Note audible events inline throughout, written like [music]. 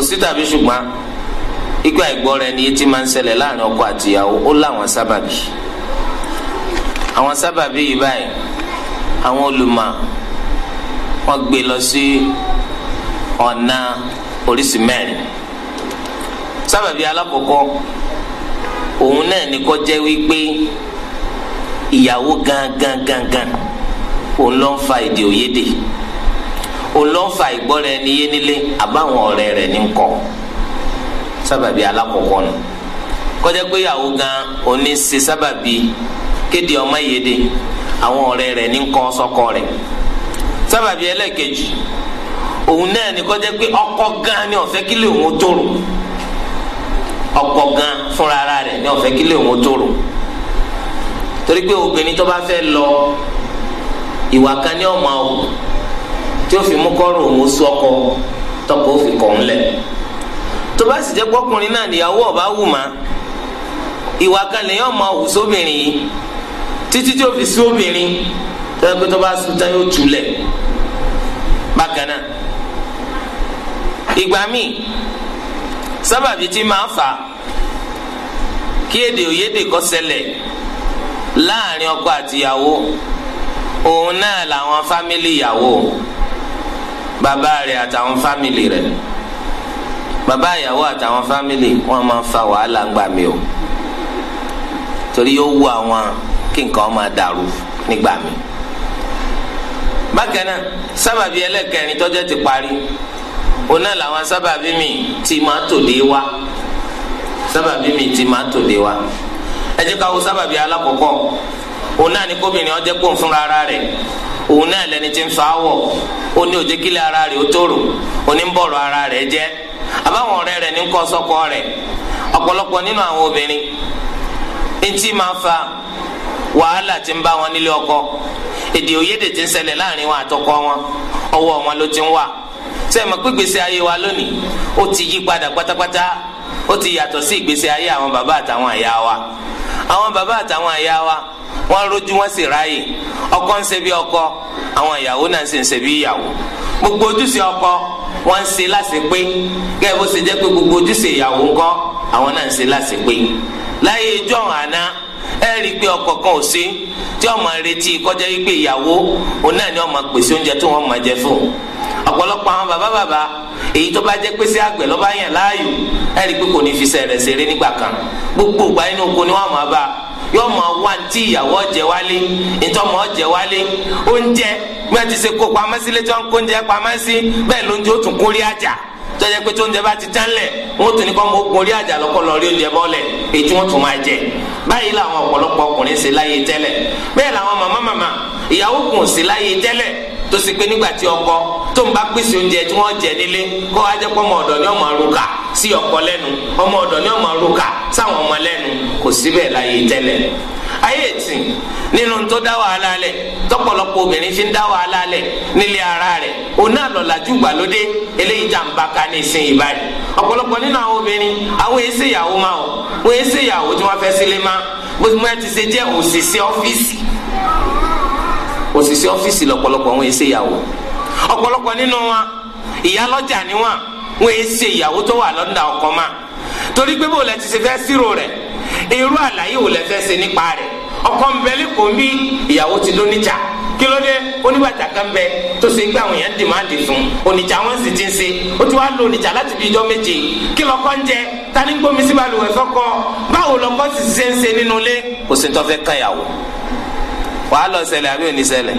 kò sí tàbí ṣùgbọ́n ikú àìgbọ́ra ẹni tí máa ń ṣẹlẹ̀ láàrin ọkọ àtìyàwó ó láwọn sábàbí àwọn sábàbí yìí báyìí àwọn olùmọ̀ wọ́n gbé lọ sí ọ̀nà oríṣi mẹ́rin sábàbí alákọ̀ọ́kọ́ òun náà ni kó jẹ́ wípé ìyàwó gangan gangan òun ló ń fa èdè òyédè olóńfà ìgbọ́ra ẹni yé nílé àbáwọn ọ̀rẹ́ rẹ̀ ní kọ́ sábàbí alákọ̀ọ́kọ́ nù kọjá pé ìyàwó gan òní ṣe sábàbí kéde ọmọ ìyédè àwọn ọ̀rẹ́ rẹ̀ ní kọ́ sọ́kọ rẹ̀ sábàbí ẹlẹ́ẹ̀kejì òun náà ni kọjá pé ọkọ gan ni ọ̀fẹ́ kílè òun tóró ọkọ gan fúnra ara rẹ̀ ni ọ̀fẹ́ kílè òun tóró torí pé obìnrin tó bá fẹ́ lọ ìwà kan ní ọmọ ọ̀hún tí ó fi mú kọ́rùn òun sú ọkọ tọkọ ó fi kọ̀ ńlẹ̀ tó bá sì jẹ́ pọ́kùnrin náà níyàwó ọ̀bá wù má ìwà kan lè yàn máa wù sóbìnrin yìí títí tí ó fi sí obìnrin tó yẹ pé tó bá sùn tán yóò túlẹ̀ bákan náà ìgbà míì sábàbí tí máa fà kí èdè òyédè kó ṣẹlẹ̀ láàrin ọkọ àtìyàwó òun náà làwọn fámìlì ìyàwó. Baba rẹ̀ àtàwọn fámìlì rẹ̀ Baba ìyàwó àtàwọn fámìlì wọn máa ń fa wàhálà ńgbà mi o torí yóò wú àwọn kí nǹkan máa dàrú nígbà mi. bákan náà sábàbí ẹlẹ́kẹrin tọ́jọ́ ti parí oná làwọn sábàbí mi ti máa tòde wá sábàbí mi ti máa tòde wá ẹ jẹ́ ká wo sábàbí alákọ̀ọ́kọ́. òun náà ni kóbìnrin ọjẹ kó fúnra ara rẹ̀ òun náà lẹni tí ń fa awọ ó ní òjé kílẹ̀ ara rẹ̀ ó tòrò oníbọ̀rọ̀ ara rẹ jẹ àbáwọn ọ̀rẹ́ rẹ ní kọ́ sọ́kọ rẹ. Ọpọlọpọ nínú àwọn obìnrin etí máa fa wàhálà ti ń bá wọn nílé ọkọ èdè òyédè láàrin wọn wọn Ọwọ wọn ló ti ń wà ayé wa lónìí ó ti yí padà pátápátá ó ti wa wọ́n rojú wọ́n sì ráàyè ọkọ ń ṣe bí ọkọ àwọn ìyàwó náà sì ń ṣe bí ìyàwó gbogbo ojúṣe ọkọ wọ́n ń ṣe láṣepé gẹ́gẹ́ bó ṣe jẹ́ pé gbogbo ojúṣe ìyàwó ńkọ́ àwọn náà ń ṣe láṣepé láyé ijó ọ̀hún àná ẹ rí i pé ọkọ kan ò sí tí ọmọ retí kọjá wípé ìyàwó òun náà ni ọmọ pèsè oúnjẹ tó wọ́n máa jẹ fún un ọ̀pọ̀lọpọ̀ àwọn bàbá bàbá èyí tó bá jẹ́ pé sí àgbẹ̀ lọ́ba yàn láàyò ẹ rí i pé kò ní fi sẹ̀rẹ̀ ṣeré nígbà kan gbogbo ìgbà inú oko ni wọ́n máa bá a yóò mọ wá ntí ìyàwó ọjẹ wálé ntọ́mọ ọjẹ wálé oúnjẹ bẹ́ẹ̀ ti ṣe kó pamẹ́sí létí wọn kó oúnjẹ pamẹ́sí bẹ́ẹ̀ lóúnjẹ ó tún kórí àjà tọ́jà pé tó ń jẹ bá ti tán lẹ̀ wọ́n tún ní kọ́ mọ́ gorí àjà lọ́kọ́ lọ́ọ́ rí oúnjẹ bọ́ lẹ̀ èyí wọ́n tún máa jẹ báyìí làwọn ọ̀pọ̀lọpọ̀ ọkùnrin ṣe láyé tẹ́lẹ̀ bẹ́ẹ̀ làwọn màmá ìyàwó kùn ṣe láyé tẹ́lẹ̀ tó sì pé nígbà tí ọkọ tó ń bá pèsè oúnjẹ tí wọ́n jẹ nílé kó wá jẹ́ pé ọmọ ọ̀dọ̀ ni ọmọ àrùkà sí ọkọ lẹ́nu ọmọ ọ̀dọ̀ ni ọmọ àrùkà sáwọn ọmọ lẹ́nu kò síbẹ̀ láyé tẹ́lẹ̀ ayé tì nínú tó dá wàhálà lẹ̀ tọ́pọ̀lọpọ̀ obìnrin fi ń dá wàhálà lẹ̀ nílé ara rẹ̀ òun náà lọ́làjú gbàlódé eléyìí jàǹbá ká ní ìsìn ìbàdí ọ̀pọ̀lọpọ̀ nínú àwọn obìnrin àwọn èsè ìyàwó máa wọ̀ wọ́n èsè ìyàwó tí wọ́n fẹ́ sílé máa bó ti mú ẹ ti ṣe jẹ́ òṣìṣẹ́ ọ́fíìsì òṣìṣẹ́ ọ́fíìsì lọ́pọ̀lọpọ̀ wọn èsè ìyàwó ọ̀pọ̀lọpọ̀ nínú wọn ìyálọ́jà ni wọn wọn èsè ìyàwó tó wà lọ́ndà ọkọ ma torí pé bó lẹ ti ṣe fẹ́ sírò rẹ̀ irú àlàyé wò lẹ fẹ́ ṣe nípa rẹ̀ ọkọ ń bẹ lẹ́kọ̀ọ́ mi ìyàwó ti ló níjà kí ló dé oníbàtà kan bẹ tó ṣe pé àwọn èèyàn dìmáàdì fún oníjà wọn sì ti ń ṣe ó ti wá lo oníjà láti fi ijọ́ méje kí lọ́kọ́ ń jẹ tani gbómi síbalùwẹ̀ fọ́kọ báwo lọ́kọ́ sì ṣe ń ṣe nínú ilé kò sí tó fẹ́ kàn wàá lọ ṣẹlẹ̀ àbí òní ṣẹlẹ̀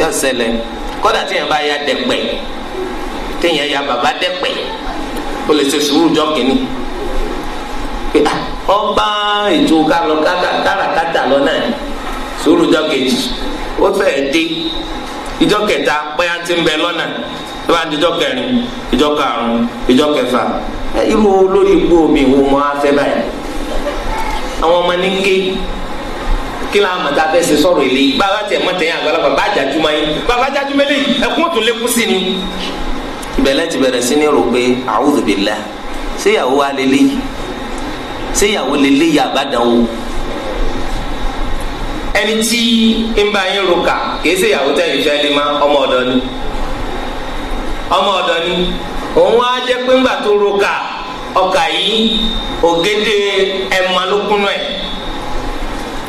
yọ ṣẹlẹ̀ kódà téèyàn bá ya dẹ̀pẹ̀ téèyàn ya bàbá dẹ̀pẹ̀ ó lè ṣe sùúrù jọ kínní pé ọba ah, ètò kálọ káràkátà lọ náà sùúrù jọ kejì ó dé ìjọ kẹta ti ń bẹ lọ́nà tó bá di ìjọ kẹrin ìjọ karùn-ún ìjọ kẹfà irú olórí báyìí àwọn ọmọ kílá àmọ̀ tá a fẹ́ ṣe sọ̀rọ̀ ilé yìí bàbá tẹ̀ mọ́tẹ̀yìn àgbàlagbà bá jàjúmọ́ yín bàbá jàjúmọ́ lé ẹkún tó lékún sí ni. ìbẹ̀lẹ̀ ti bẹ̀rẹ̀ sí ní rò pé a'udhu billah séyàwó wa lélẹ̀ yìí séyàwó lélẹ̀ yìí àbádànwó. ẹni tí ń bá yín ro kà kìí séyàwó tẹ̀yìn fẹ́ lé má ọmọ ọ̀dọ́ ni ọmọ ọ̀dọ́ ni òun á jẹ́ pé ńgbà tó ro kà ọkà yìí ògédé ẹ̀ma ló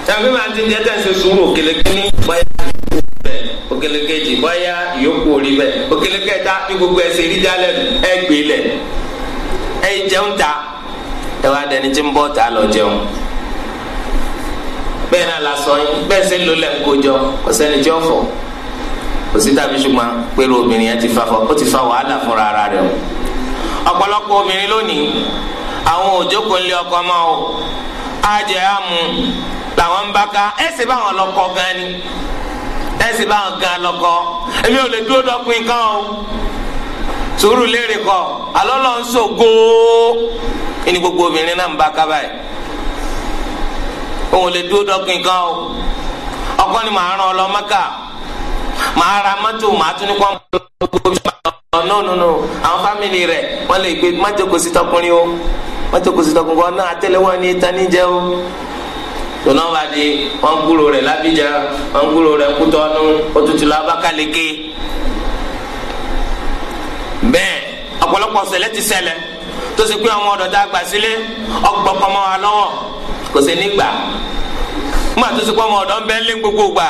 tàbí màá ti jẹ́ tẹ̀sí sùúrù òkèlèké ní báyà òkèlèké jì báyà yòókù orí bẹ̀ òkèlèké ta bí gbogbo ẹsẹ̀ rí dálẹ̀ ẹ̀ gbé lẹ̀ ẹ̀ jẹun ta ẹ̀ wá dẹni tí ń bọ́ ta lọ jẹun bẹ́ẹ̀ náà la sọ yín bẹ́ẹ̀ sẹ́ ló lẹ̀ ń kojọ kò sẹ́ni tí ó fọ̀ kò sí tàbí ṣùgbọ́n pẹ̀lú obìnrin yẹn ti fa fọ ó ti fa wàhálà fúnra ara rẹ̀ o ọ̀pọ̀lọpọ̀ obìnrin lónìí àwọn òjókòó ńlẹ̀ ọkọ máa o àjẹyàmù làwọn ń bá ká ẹsẹ̀ báwọn lọ́kọ gan ni ẹsẹ̀ báwọn gan lọ́kọ èmi ò lè dúró dọ́pin kan o sùúrù léèrè kọ alọ́lọ́ ń sògo ẹni gbogbo obìnrin náà ń bá ká báyìí òun lè dúró dọ́pin kan o ọkọ ni màá rán ọ lọ Mẹ́kà màá ra mọ́tò màá tún ní kọ́ gbogbo àwọn fámìlì rẹ̀ wọ́n lè gbé sí tọkùnrin o. wọn tó kó sí tọkùn kan náà àtẹ́lẹwọ́ ni tanijẹ o tòná wà di wọn kúrò rẹ lábíjà wọn kúrò rẹ kútọọnù òtútù lábákàlẹkẹ bẹ́ẹ̀ ọ̀pọ̀lọpọ̀ ṣẹlẹ̀ ti ṣẹlẹ̀ tó ṣe pé àwọn ọ̀dọ́ tá a gbà sílé ọgbọkọmọ wa lọ́wọ́ kò sí nígbà nígbà tó ṣe pé ọmọ ọ̀dọ́ ń lé gbogbo gbà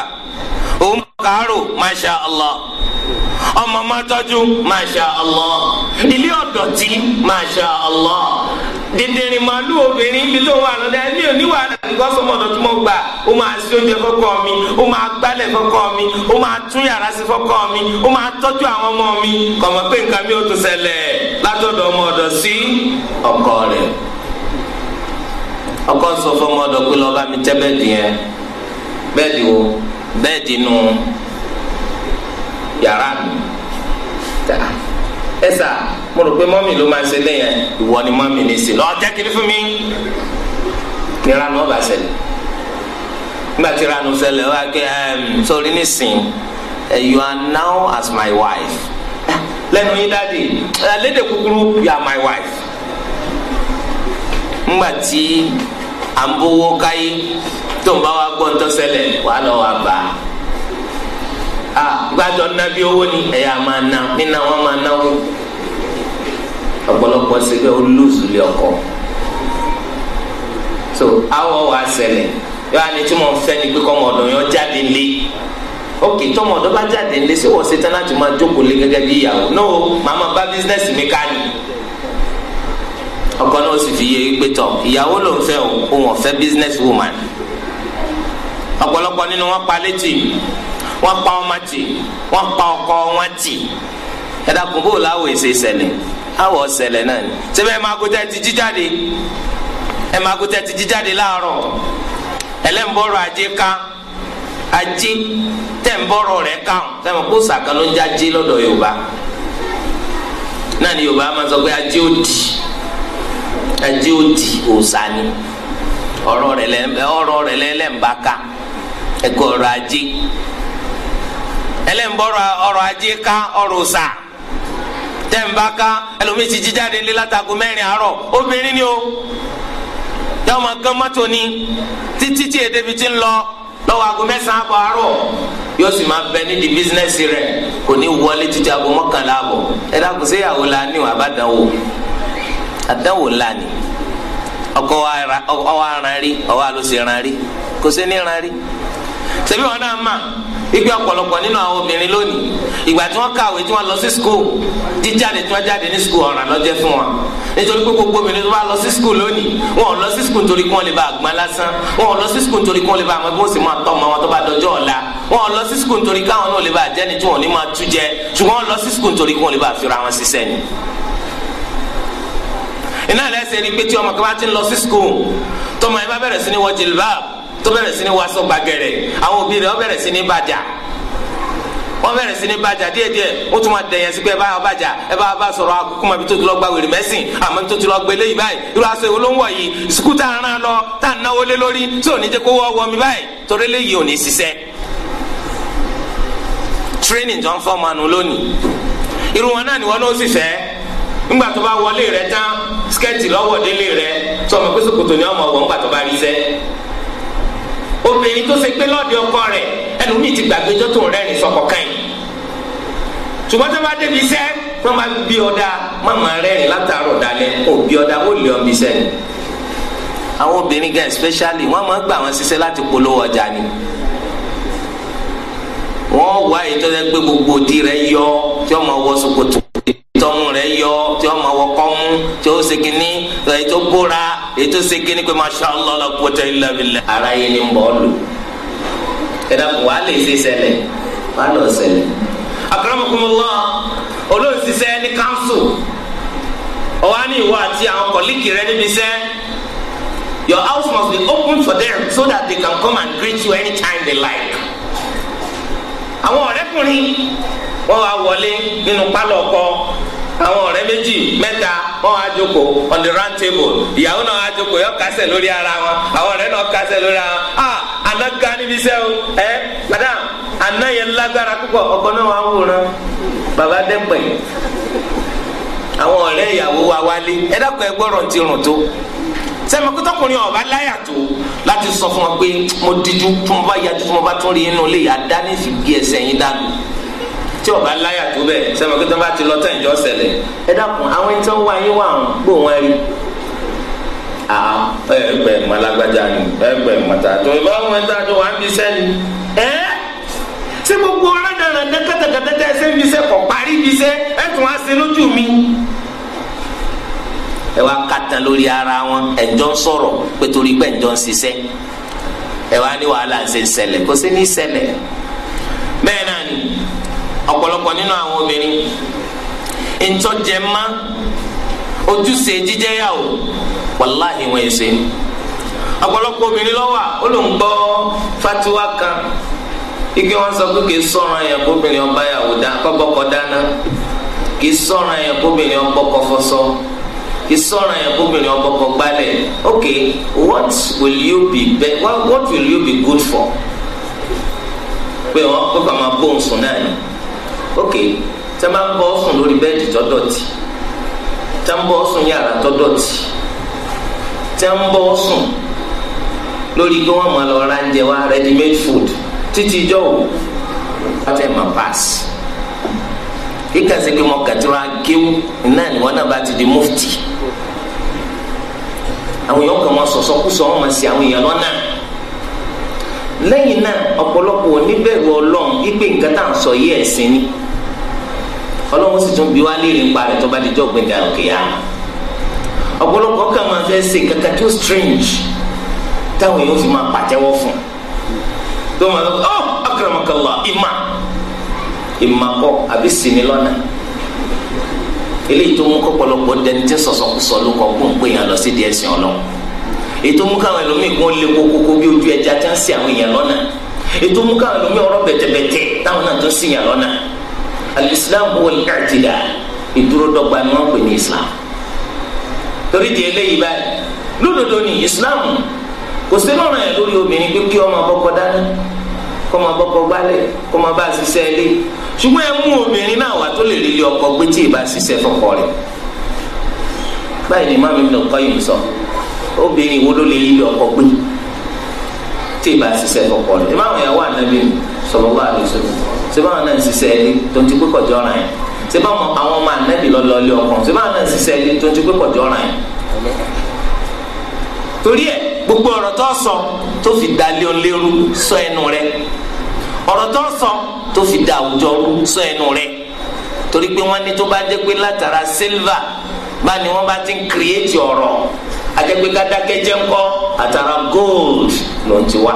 òun kàárò masha allah ọmọ mọ́tọ́jú masha allah ilé ọ̀dọ̀tí masha allah dèdèrè màálù obìnrin ibi tó wà lọ́dẹ mi ò ní wàhálà nǹkan sọmọdọ̀ tó mọ̀ gbà ó máa ṣe oúnjẹ fọ́kọ mi ó máa mi ó máa tún yàrá sí fọ́kọ mi ó máa tọ́jú àwọn ọmọ mi kọmọ pé nǹkan mi ò tún ṣẹlẹ̀ látọ̀dọ̀ ọmọ ọkọ rẹ ẹ sà mo rò pé mọ́mì ló máa ń ṣe lẹ́yìn ìwọ ni mọ́mì ní í ṣe jẹ́ kiri fún mi nira ni wọ́n bá ṣẹlẹ̀ nígbà tí ranu ṣẹlẹ̀ wá pé sori nísìn eh, you are now as my wife lẹ́nu yín dáàdi lédè kúkúrú you are my wife nígbà tí à ń bówó káyé tó ń bá wa gbọ́ ń tọ́ ṣẹlẹ̀ wàá lọ́ọ́ wa bá a a gbàtọ nabi owó ni ẹyà máa na nínà wọn máa náwó ọ̀pọ̀lọpọ̀ síbẹ̀ ó lóòzù lé ọkọ so awọ wa ṣẹlẹ̀ yọ ani tí mo fẹ́ ni pé kọmọdọ yọ jáde lé ok tọmọdọ bá jáde lé sí wọ́n ṣe láti máa jókòó lé gẹ́gẹ́ bí ìyàwó no màmá bá bísínẹ́sì mi ká ni ọkọ náà sì fi yé gbé tọ ìyàwó ló ń fẹ́ o òun ọ̀fẹ́ business woman ọ̀pọ̀lọpọ̀ nínú wọn pa létí wọ́n pa ọmọ tì wọ́n ọkọ wọn tì ẹ̀dá kúnbó làwọn èsè náà ni ti jíjáde ẹ̀ máa ti jíjáde láàárọ̀ ẹlẹ́nbọ̀rọ̀ ajé ká ajé tẹ̀nbọ̀rọ̀ rẹ̀ káwọn sẹ́fẹ̀ kó ló ń já lọ́dọ̀ Yorùbá náà ni sọ pé ajé ó di ajé ó di ni ọ̀rọ̀ rẹ̀ lẹ́ ọ̀rọ̀ rẹ̀ lẹ́ lẹ́nbàká ẹ̀kọ́ ọ̀rọ̀ ẹlẹ́nbọ̀rọ̀ ọrọ̀ ajé ká ọrọ̀ sà tẹ̀m̀bá ẹlòmíì ti jíjáde ńlẹ́ látago mẹ́rin àárọ̀ obìnrin ni o yọmọ ma gán mọ́tò ni títí tí ti ń lọ lọ́wọ́ aago mẹ́sàn-án àbọ̀ àárọ̀ yóò sì máa bẹ nídìí bísínẹ́sì rẹ̀ kò ní wọlé títí aago mọ́kànlá àbọ̀ ẹ dákun sí ìyàwó la ní la ni ọkọ ọwọ́ rí ọwọ́ rí kò sí ní rí wọn náà igbe ọ̀pọ̀lọpọ̀ nínú àwọn obìnrin lónìí ìgbà tí wọ́n kàwé tí wọ́n lọ sí skul jíjáde tí wọ́n jáde ní skul ọ̀ràn ló jẹ́ fún wọn nítorí pé gbogbo obìnrin tó bá lọ sí skul lónìí wọn ò lọ sí skul nítorí kí wọ́n lè bá àgbọn lásán wọn ò lọ sí skul nítorí kí wọ́n lè bá àwọn bí wọ́n sì máa tọ́ ọmọ wọn tó bá dọjọ́ ọ̀la wọn ò lọ sí skul nítorí káwọn náà lè bá àjẹni tí wọn ò ní máa tú jẹ ṣùgbọ́n lọ sí skul nítorí kí wọ́n lè bá àfihàn àwọn ṣiṣẹ́ sí tó bẹ̀rẹ̀ sí ni wàásù gbàgẹ̀rẹ̀ àwọn òbí rẹ̀ wọ́n bẹ̀rẹ̀ sí ní bàjà wọ́n bẹ̀rẹ̀ sí ní bàjà díẹ̀díẹ̀ ó tún máa dẹ̀yẹ̀ sí pé ẹ bá wa bàjà ẹ bá wa bá sọ̀rọ̀ akókó ma bí tó ti lọ gba wèrè mẹ́sìn àmọ́ bí tó ti lọ gbé léyìí yìí sukú tá a rán lọ tá a náwó lé lórí tí ò ní jẹ́ kó wọ́ mi báyìí torí obìnrin tó ṣe pé lọ́ọ̀dì ọkọ rẹ̀ ẹlòmíì ti gbàgbé jọ́ tó ń rẹ́rìn sọ̀kọ̀ kan yìí ṣùgbọ́n tó bá débi iṣẹ́ wọ́n máa bí ọ̀dà wọ́n máa rẹ́rìn látàárọ̀ dalẹ̀ òbí ọ̀dà ó lè ọmọ iṣẹ́ ni àwọn obìnrin gan especially wọ́n máa ń gbà wọ́n ṣiṣẹ́ láti polówó ọjà ni wọ́n wá ètò ẹgbẹ́ gbogbo di rẹ̀ yọ tí wọ́n máa wọ tọ́mú rẹ̀ yọ tí ọmọ wọ kọ́mú tí ó ṣe kínní èyí tó bóra èyí tó ṣe kínní pé masha allah la quwwata illa billah. ara yìí ni ń bọ̀ ọ́ lò ẹ dàpọ̀ wàá lè ṣe ṣẹlẹ̀ wàá lọ ṣẹlẹ̀. akramakumullah olóòṣìṣẹ́ ní council ọwọ́ á ní ìwọ àti àwọn kọ̀líkì rẹ níbi iṣẹ́ your house must be open for them so that they can come and greet you anytime they like. àwọn ọ̀rẹ́kùnrin wọ́n wá wọlé nínú pálọ̀ ọkọ àwọn ọ̀rẹ́ méjì mẹ́ta wọ́n á jókòó on the round table ìyàwó náà á jókòó yọ kásẹ̀ lórí ara wọn àwọn ọ̀rẹ́ náà kásẹ̀ lórí ara wọn ah àná ga níbi iṣẹ́ o ẹ madam àná yẹn lágbára púpọ̀ ọkọ náà wà ń wòran bàbá dẹ́pẹ̀ àwọn ọ̀rẹ́ ìyàwó wa wálé ẹ dákun ẹ gbọ́rọ̀ ti rùn tó sẹ́mi kótókùnrin ọ̀bá láyà tó láti sọ fún ọ pé mo díjú tó mo bá yájú tó mo bá tún rí inú ilé yàrá dání fi gé ẹsẹ̀ yín dànù tí ọba láyà tó bẹ sẹmọ kí tó bá ti lọ tán ìjọ ṣẹlẹ̀ ẹ dákun àwọn ẹni tó ń wá yín wà ń gbó wọn rí àá ẹgbẹ malagbadza ni ẹgbẹ mọta tó ìbá wọn ta tó wà ń bí sẹni ẹ ṣé gbogbo ọlọ́dàrà ní kẹtẹkẹtẹ ẹsẹ ń bí sẹ kọ parí bí sẹ ẹ tún á ṣe lójú mi ẹ wá kàtà lórí ara wọn ẹjọ ń pé torí pé ẹjọ ń ṣiṣẹ́ ẹ wá ní wàhálà ń ṣe ń ṣẹlẹ̀ kò sí ní ṣẹlẹ̀ bẹ́ẹ̀ náà ni. ọ̀pọ̀lọpọ̀ nínú àwọn obìnrin ntọ́jẹ̀má ojúṣe jíjẹ́yàwó wàláhì wọn ẹ̀ṣẹ̀ ọ̀pọ̀lọpọ̀ obìnrin lọ́wọ́ ó ló ń gbọ́ fatiwa kan ike wọn sọ pé kì í sọ̀rọ̀ yẹn ọba ya kọ́kọ́kọ́ dáná kì í sọ̀rọ̀ yẹn kóbìnrin ọgbọ́kọ kì í sọ̀rọ̀ kóbìnrin what will you be be what, what good for pé wọn ok tẹ́ máa ń bọ́ sùn lórí bẹ́ẹ̀dì tó dọ̀tí ń bọ́ sùn yàrá tó dọ̀tí ń bọ́ sùn lórí lọ ra ń jẹ ready made food títí wò kíkà sí pé mo di mufti àwọn èèyàn wọn sọsọ kú sọ wọn àwọn èèyàn náà nǹkan tá ni. ọlọ́run sì tún bí wá léèrè ń parẹ́ tó bá di jọ́ gbẹ̀dẹ̀ òkè yá ọ̀pọ̀lọpọ̀ kàn máa fẹ́ ṣe kankan tó strange táwọn èèyàn fi máa pàtẹ́wọ́ fún tó máa lọ ọ oh, akramakallah ìmà ìmà kọ àbí sinmi lọ́nà eléyìí tó mú kọ́pọ̀lọpọ̀ dẹni tí sọ̀sọ̀kúsọ ló kọ́ kó ń pè yàn lọ sí díẹ̀ sìn ọlọ́run ètò mú káwọn ẹlòmíì kó lé kókókó bí ojú ẹja tí wọ́n ń àwọn èèyàn lọ́nà ètò mú káwọn ẹlòmíì ọ̀rọ̀ bẹ̀tẹ̀bẹ̀tẹ̀ táwọn náà tó ń yàn lọ́nà alislam wo ẹtìdá ìdúró dọ́gba ni wọn pè ní islam torí di eléyìí báyìí lódodo ni islam kò sí lọ́rùn ẹ̀ lórí obìnrin pé kí ọmọ bọ́kọ dáná kọ́mọ bọ́kọ gbálẹ̀ kọ́mọ bá ṣiṣẹ́ ilé ṣùgbọ́n ẹ mú obìnrin náà wà tó lè rí ilé ọkọ gbé tí ì ṣiṣẹ́ fọkọ rẹ̀ báyìí ni mami mi kọ́ yìí sọ obìnrin wo ló lè rí ilé ọkọ gbé tí ì bá ṣiṣẹ́ fọkọ rẹ̀ ìmáwọn ìyàwó ànábì sọ̀rọ̀ wà lóṣù tó sẹ́bà wọn náà ń ṣiṣẹ́ ilé tó ń ti pé kọjọ́ ra yẹn sẹ́bà àwọn ọmọ ànábì lọ́lọ́ ilé ọkàn sẹ́bà wọn náà ń ṣiṣẹ́ ilé tó ń ti pé kọjọ́ ra yẹn. torí ẹ gbogbo ọ̀rọ̀ tó sọ tó fi da lé olérú sọ ẹnu rẹ ọ̀rọ̀ tó sọ tó fi da àwùjọ sọ ẹnu rẹ torí pé wọ́n ní tó bá jẹ́ pé látara silva bá ní wọ́n bá ti ń kírèétì ọ̀rọ̀ àjẹpẹ́ kádákẹ́jẹ́ ńkọ́ àtàrà gold ló ń ti wá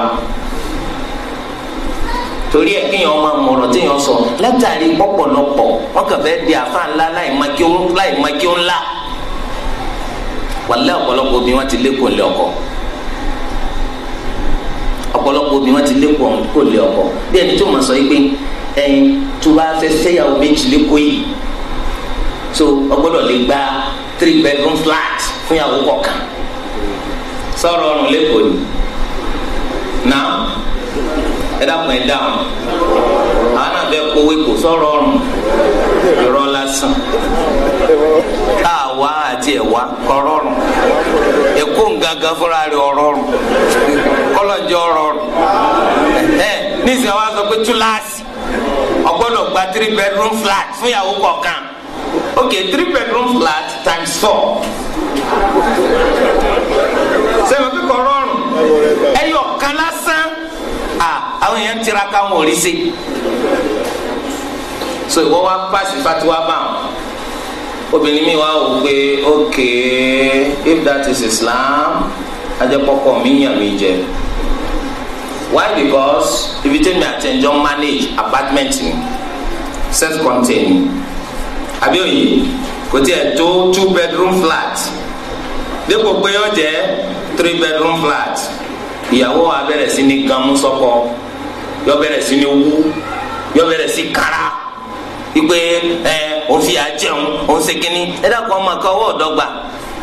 torí ẹ kéèyàn máa mọ̀rọ̀ téèyàn sọ látàrí pọ̀pọ̀lọpọ̀ wọn kàn fẹ́ di àfa ńlá láì má kí ó láì má kí ó ńlá wàlẹ́ ọ̀pọ̀lọpọ̀ obìnrin wọn ti lékòó lé ọkọ ọ̀pọ̀lọpọ̀ obìnrin wọn ti lékòó lé ọkọ bí ẹni tó máa sọ yìí pé ẹyin tó bá fẹ́ fẹ́yàwó méjì lékòó yìí so ọgbọ́dọ̀ lè gba three bedroom flat fún yàwó kọ̀ọ̀kan sọ̀rọ̀ ọ̀run lékòó ni náà ẹ dàpọ̀ ẹ dáhùn àwọn náà fẹ́ kówé kò sọ̀rọ̀ ọ̀run irọ́ lásán tá a wá àti ẹ̀ wá ọ̀rọ̀ ọ̀run èkó ngangan fúnra rẹ̀ ọ̀rọ̀ ọ̀run kọ́lọ̀jẹ́ ọ̀rọ̀ ọ̀run ẹ̀ nísìnyí wá sọ pé túláàsì ọgbọ́dọ̀ gba three bedroom flat fún ìyàwó kọ̀ọ̀kan ok three bedroom flat times four tiraka wọn ò rí so ìwọ wa pass fatiwa bá wọn obìnrin mi wá wò pé okay if that is Islam ajẹpọpọ mi yàn mí jẹ why because if you take me attention manage apartment mi self contained àbí òye kò tiẹ̀ tó two bedroom flat dípò pé ó jẹ́ three bedroom flat ìyàwó wa bẹ̀rẹ̀ sí ní gan mú sọ́kọ. So yọ bẹ̀rẹ̀ sí ni wú yọ bẹ̀rẹ̀ sí kara ipe ẹ òun fi àjẹun òun ṣe kínní ẹ dàpọ̀ ọmọ kan ọwọ́ ọ̀dọ́gba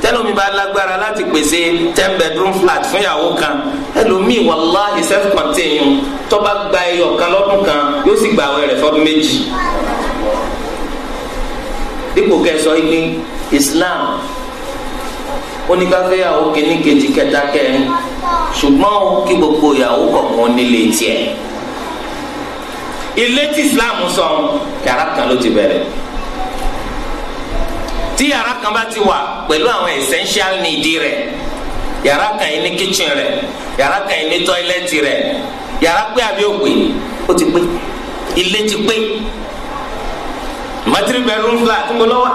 tẹlomi bá lágbára láti pèsè ten bedroom flat fún ìyàwó kan ẹlòmíì wàláhì self contained tó bá gba ẹyọ kan lọ́dún kan yóò sì gba àwẹ̀ rẹ̀ fọ́dún méjì. dípò kẹsọ igi Islam oníkàfẹ́yàwó kìíní kejì kẹta kẹrin ṣùgbọ́n kí gbogbo ìyàwó kọ̀ọ̀kan nílé tiẹ̀ ilé tí islam sọ yàrá kan ló ti bẹ̀rẹ̀ tí yàrá kan bá ti wà pẹ̀lú àwọn essential need rẹ̀ yàrá kan yìí ní kitchen rẹ̀ yàrá kan yìí ní toilet rẹ̀ yàrá pé àbí òpè ó ti pé ilé ti pé matiri bedroom flat ń bọ lọ́wọ́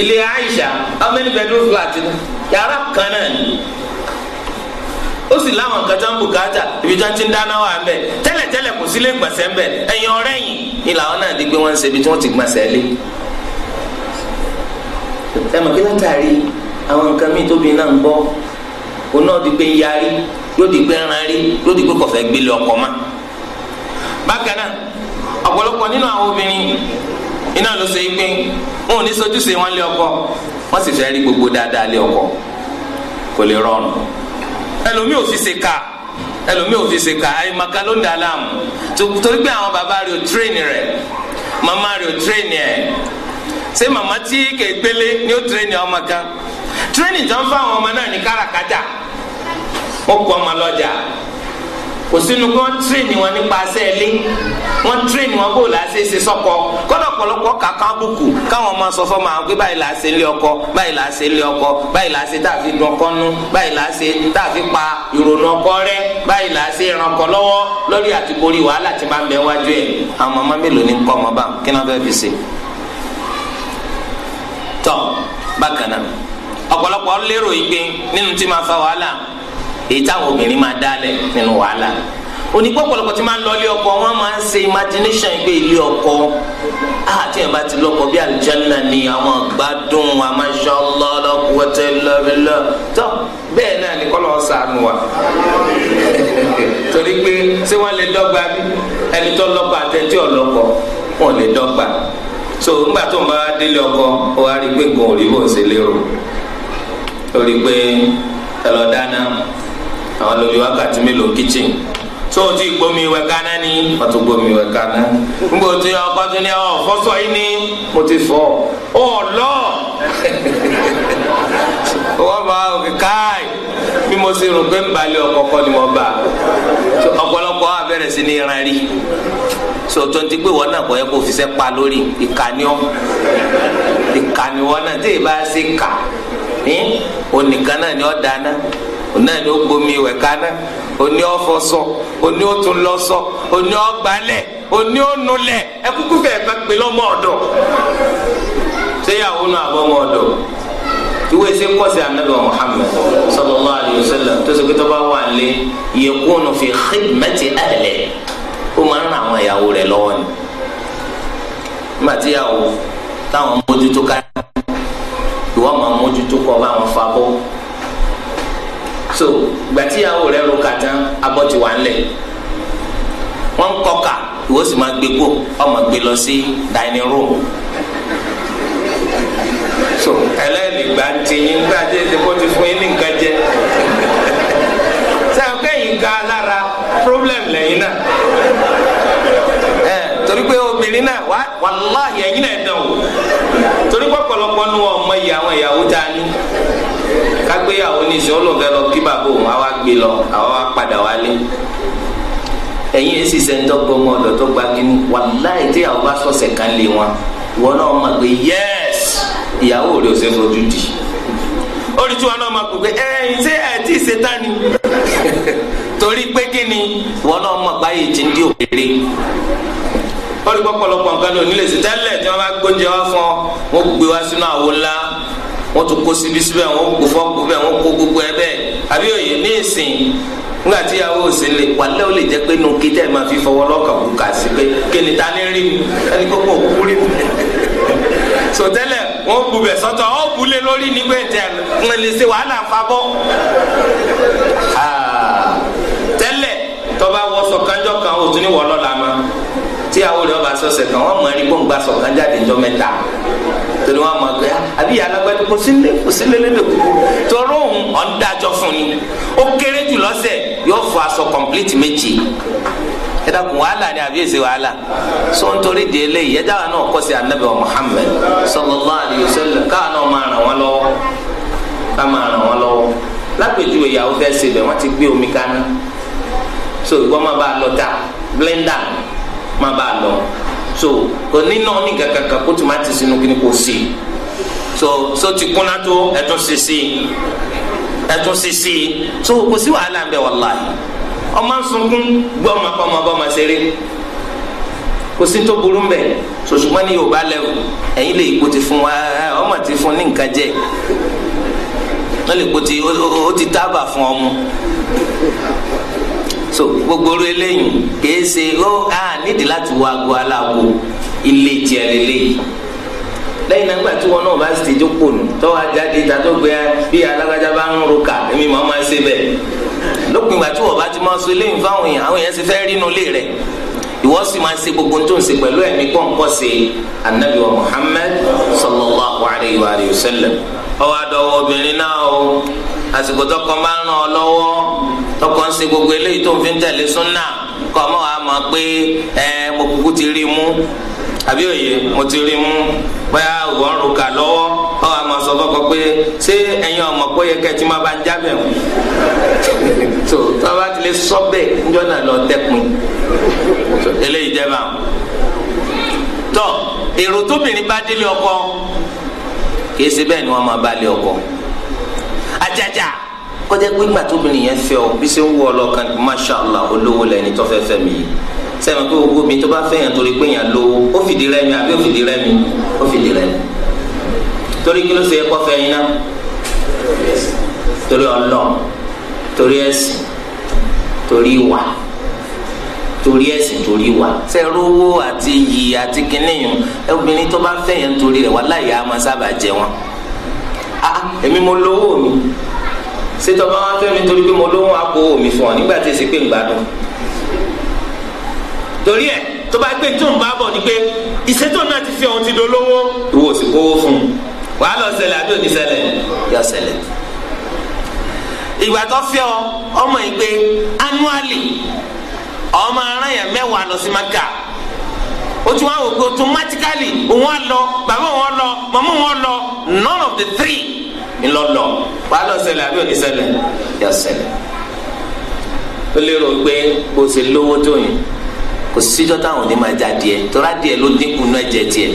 ilé Aisha how many bedroom flat ni yàrá kan náà ni ó sì láwọn nǹkan tó ń bùkátà ibi tó ń ti dáná wà ń bẹ tẹ́lẹ̀tẹ́lẹ̀ kò sí lè gbọ̀nsẹ̀ ń bẹ ẹ̀yìn ọ̀rẹ́ yìí ni làwọn náà di pé wọ́n ń ṣe ibi tí wọ́n ti gbọ̀nsẹ̀ lé. ẹ mọ̀ kí látàrí àwọn nǹkan míì tóbi náà ń bọ́ òun náà di pé ń yarí yóò di pé ń ran rí yóò di pé kò fẹ́ gbélé ọkọ mọ́. bákan náà ọ̀pọ̀lọpọ̀ nínú àwọn obìnrin iná ló ṣe é pé wọn ò ní sojúṣe wọn lé ọkọ wọn sì fẹ́ rí gbogbo dáadáa lé ọkọ kò lè rọrùn ẹlòmíì ò fi ṣe kà ẹlòmíì ò fi ṣe kà àyèmàkà ló ń dà láàmú torí pé àwọn bàbá rẹ̀ ò tírèènì rẹ̀ màmá rẹ̀ ò tírèènì ẹ̀ ṣé màmá tí kèégbélé ni ó tírèènì ọmọ kan tírèènì jọ ń fún àwọn ọmọ náà ní káràkátà wọn kọ ọmọ lọ́jà kò sínú kí wọ́n tírèènì wọn nípa aṣẹ́ ilé wọ́n tírèènì wọn bó làá ṣe é ṣe sọ́kọ kọ́dọ̀ ọ̀pọ̀lọpọ̀ kàkà bùkù káwọn máa sọ fọmọ àwọn pé báyìí là á ṣe ilé ọkọ báyìí là á ṣe ilé ọkọ báyìí là á ṣe tààfi dùn ọkọ nú báyìí là á ṣe tààfi pa ìrònú ọkọ rẹ báyìí là á ṣe ìrànkọ lọ́wọ́ lórí àti borí wàhálà tí máa ń bẹ wájú ẹ àwọn màmá mélòó ní kọ́ ọmọ bá kí náà fẹ́ẹ́ fi ṣe. tọ́ bákan náà ọ̀pọ̀lọpọ̀ lérò ìgbín nínú tí máa fa wàhálà èyí táwọn obìnrin máa dálẹ̀ nínú wàhálà onígbọ́ pọ̀lọpọ̀ tí máa ń lọ ilé ọkọ wọn máa ń ṣe imagination gbé ilé ọkọ ah, àti ẹ̀ bá ti lọ́kọ bí aljanna ni àwọn gbádùn amáṣọ lọ́lọ́kùwẹ́tẹ́ lọ́bílọ́ tó bẹ́ẹ̀ náà ni kọ́ lọ́ọ́ sànù wa [laughs] torí pé ṣé wọ́n lè dọ́gba bí ẹni tó lọ́kọ àtẹ̀tí ọ̀lọ́kọ wọn lè dọ́gba so ńgbà tó ń bá délé ọkọ ó wá rí pé nǹkan ò rí bó ṣe lérò ó rí pé ẹ lọ dáná àwọn lórí wákàtí mélòó kíchìn sóòtú ìgbomi ìwẹ̀ kaná ni wọ́n tún gbomi ìwẹ̀ kaná nígbà tí ọkọ tún ní ọ fọ́sọ yìí ni mo ti fọ́ ọ lọ [laughs] wọ́n máa òkè káì bí mo sì rò pé ń balẹ̀ ọ̀kọ̀ọ̀kọ̀ ni mo bá ọ̀pọ̀lọpọ̀ abẹ́rẹ́ sí ní ìran rí sọtọ́ ti pé wọ́n náà kọ́ yẹ kó fi sẹ́ pa lórí ìkànnì ọ́ náà tí ì bá ṣe kà ní onìkan náà ni ọ́ dáná náà ni ó gbomi ìwẹ̀ kaná oní ọ̀fọ̀sọ oní òtúnlọ́sọ oní ọgbàlẹ̀ oní ònulẹ̀ ẹkúkú fẹ́ẹ́ fẹ́ pé lọ́mọ ọ̀dọ̀ séyàwó náà àbọ̀ ọmọ ọ̀dọ̀ ìwé ṣe kọ́sẹ̀ anabi wa muhammed sallallahu alayhi wa sallam tó ṣe pé tó bá wà lé yẹkùnù fi khidmati ahli ó máa ń ran àwọn ìyàwó rẹ̀ lọ́wọ́ ni nígbà tí ìyàwó táwọn mójútó ká ìwọ́n máa mójútó kọ́ bá wọn fa bọ́ so gbàtíyàwó rẹ ro kàtá abọ́ ti wà ńlẹ̀ wọ́n ń kọ́ka ìwọ sì máa gbé ọmọ gbé lọ sí dining room so ẹlẹ́nìgbà ti yín gbà tí èsì kó ti fún yín ní nǹkan jẹ sẹ́wọ́n kẹ́yìn ga lára problem lẹ́yìn náà ẹ torí pé obìnrin náà wàláhì ẹ̀yìn náà dán o torí pọ̀pọ̀lọpọ̀ nu ọmọ ìyá àwọn ìyàwó tá a ní kágbéyàwó ní ìṣó olùfẹ́ lọ kí bàbá òun àwa gbé lọ àwa wá padà wálé ẹ̀yin èsì sẹ́ńtọ́ gbọmọ ọ̀dọ̀ tó gba kínní wàláì tí àwọn bá sọ̀sẹ̀ kan lé wọn wọn náà mọ̀ pé yẹ́s ìyàwó rẹ̀ ò ṣe fojú di orí tí wọn náà mọ̀ pé ẹ̀yin ṣé ẹ̀ tí ì torí pé kínní wọn náà mọ̀ báyìí ti ń dí òkèrè wọ́n rí pọ̀pọ̀lọpọ̀ nǹkan ló nílé sí tẹ́lẹ̀ tí wọ́n bá gbóúnjẹ wá fún ọ wọ́n gbé wá sínú àwo ńlá wọ́n tún kó síbi síbẹ̀ wọ́n kó fọ́ọ̀kù bẹ́ẹ̀ wọ́n kó gbogbo ẹ bẹ́ẹ̀ àbí òye ní ìsìn nígbà tí ìyàwó ò sí lè wàlẹ́ ò lè jẹ́ pé nu kíjẹ́ máa fi fọwọ́ lọ́kàn kú kà sí pé kíni ta ni rí mi ẹni kókó kú rí mi sọtẹ́lẹ̀ [laughs] wọ́n bu bẹ̀ sọ́tọ̀ ọ́ bu lé lórí nígbà tẹ̀ ń lè ṣe wàhálà fa bọ́ ah, tẹ́lẹ̀ tọ́ba wọ sọ̀kanjọ́ kan òtún ní wọ́ọ́lọ́ làmà tí àwọn olùwọ́n bá sọ̀sẹ̀ kan wọ́n mọ̀ ní kó ń gba sọ̀kan jáde ìjọ mẹ́ta torí wọn mọ̀ pé ah, àbí ìyá alágbàdo kò sí lé kò sí lélẹ́dẹ̀ kúkú tọrọ òun ọ̀ńdájọ́ fún ni ó kéré jù lọ́sẹ̀ yóò fọ aṣọ kọ̀m̀plìtì méjì ẹ dákun wàhálà ni àbí èsì wàhálà sọ nítorí di eléyìí ẹ dáhà náà kọ́ sí anabi wa Muhammad sallallahu alayhi wa sallam káà náà máa ràn wọ́n lọ́wọ́ ká máa ràn wọ́n lọ́wọ́ lápèjúwe ìyàwó fẹ́ ṣe bẹ̀ wọ́n ti gbé omi kaná so ìgbọ́n máa bá a lọ ta blender má bàa lọ so kò nínú ọ̀nì kankan kan kó tòmátì sínú kí ni kò sí so so ti kúnná tó ẹ̀tún sisi ẹ̀tún sisi so kò sí wàhálà ń bẹ wàláyé ọmọ sunkún gbọ́ ọmọ kọ́ ọmọ bọ́ ọmọ ṣeré kò sí tó burú mbẹ sòṣùpá ní yorùbá lẹ́wù ẹ̀yin lè kó ti fún wa ọmọ ti fún ní nǹkan jẹ wọ́n lè kó ti ó ti tábà fún ọmọ so gbogbo orí eléyìí kìí ṣe ó oh, a nídìí láti wo aago aláàbò ilé jẹ lélẹyìí lẹ́yìn náà gbà tí wọn náà bá ṣètò jókòó nù tó wàá jáde ìta tó gbé bí alágbájá bá ń ro kà èmi màá máa ṣe bẹ́ẹ̀ lópin ìgbà tí wọn bá ti máa sọ eléyìí fáwọn èèyàn àwọn èèyàn ti fẹ́ rí inú ilé rẹ̀ ìwọ sì máa ṣe gbogbo tó ń ṣe pẹ̀lú ẹ̀mí pọ̀npọ̀ sí anabi wa muhammad sallallahu alayhi wa sallam ọwọ́ adọ́wọ́ obìnrin náà o àsìkò tó kọ́ máa ń ràn ọ́ lọ́wọ́ tọkọ ń ṣe gbogbo eléyìí tó ń fi ń tẹ̀lé súnà kọ́ ọmọ wa mọ̀ pé ẹ mo kúkú ti rí mú àbí òye mo ti rí mú bóyá òwò ń ruka lọ́wọ́ ọ àmọ́ sọ fọ́kọ pé ṣé ẹ̀yin ọmọ pé yẹ kẹ́ ẹ ti máa bá ń jábẹ̀ mu [laughs] tó tó bá ti lè sọ bẹ́ẹ̀ níjọ́ náà lọ dẹ́kun eléyìí jẹ́ bá èrò tóbìnrin bá délé ọkọ kìí ṣe bẹ́ẹ̀ ni wọ́n máa bá lé ọkọ ajaja kọjá pé gbà tóbìnrin yẹn fẹ́ ọ bí ṣe ń wọ ọlọ́kan masha allah olówó lẹ́ni tó fẹ́ fẹ́ mi yìí sẹ́mi pé owó mi tó bá fẹ́ yẹn torí pé yẹn lówó ó fìdí rẹ́mi àbí ó fìdí rẹ́mi ó fìdí rẹ́mi torí kí ló ṣe kọ́ fẹ́ yín náà torí ọlọ́ torí ẹ̀sìn torí ìwà torí ẹ̀sìn torí ìwà sẹ́rówó àti iyì àti kìnìún obìnrin tó bá fẹ́ yẹn torí rẹ̀ wà láyé a máa sábà jẹ wọn ah èmi mo lówó mi ṣètọ́ba wọn fẹ́ mi torí pé mo lóhùn àpò mi fún ọ nígbà tí èsì pé ń gbádùn torí ẹ tó bá gbé tó ń bá bọ̀ ni pé ìṣètò náà ti fi ọ̀hún ti dolówó ìwọ sì kówó fún un wàá lọ ṣẹlẹ̀ àbí òní ṣẹlẹ̀ yọ ṣẹlẹ̀ ìgbà tó fẹ́ ọ ọmọ yìí pé annually ọmọ aráyà mẹ́wàá lọ sí maka o tún wá wò pé automatically òun á lọ bàbá òun á lọ màmá òun á lọ none of the three ńlọlọ wàá lọ ṣẹlẹ̀ àbí òní ṣẹlẹ̀ yọ ṣẹlẹ̀ ó lérò pé kò sí lówó tó yìn kò síjọ́ táwọn òní máa já diẹ tọ́lá díẹ̀ ló dínkù náà jẹ tiẹ̀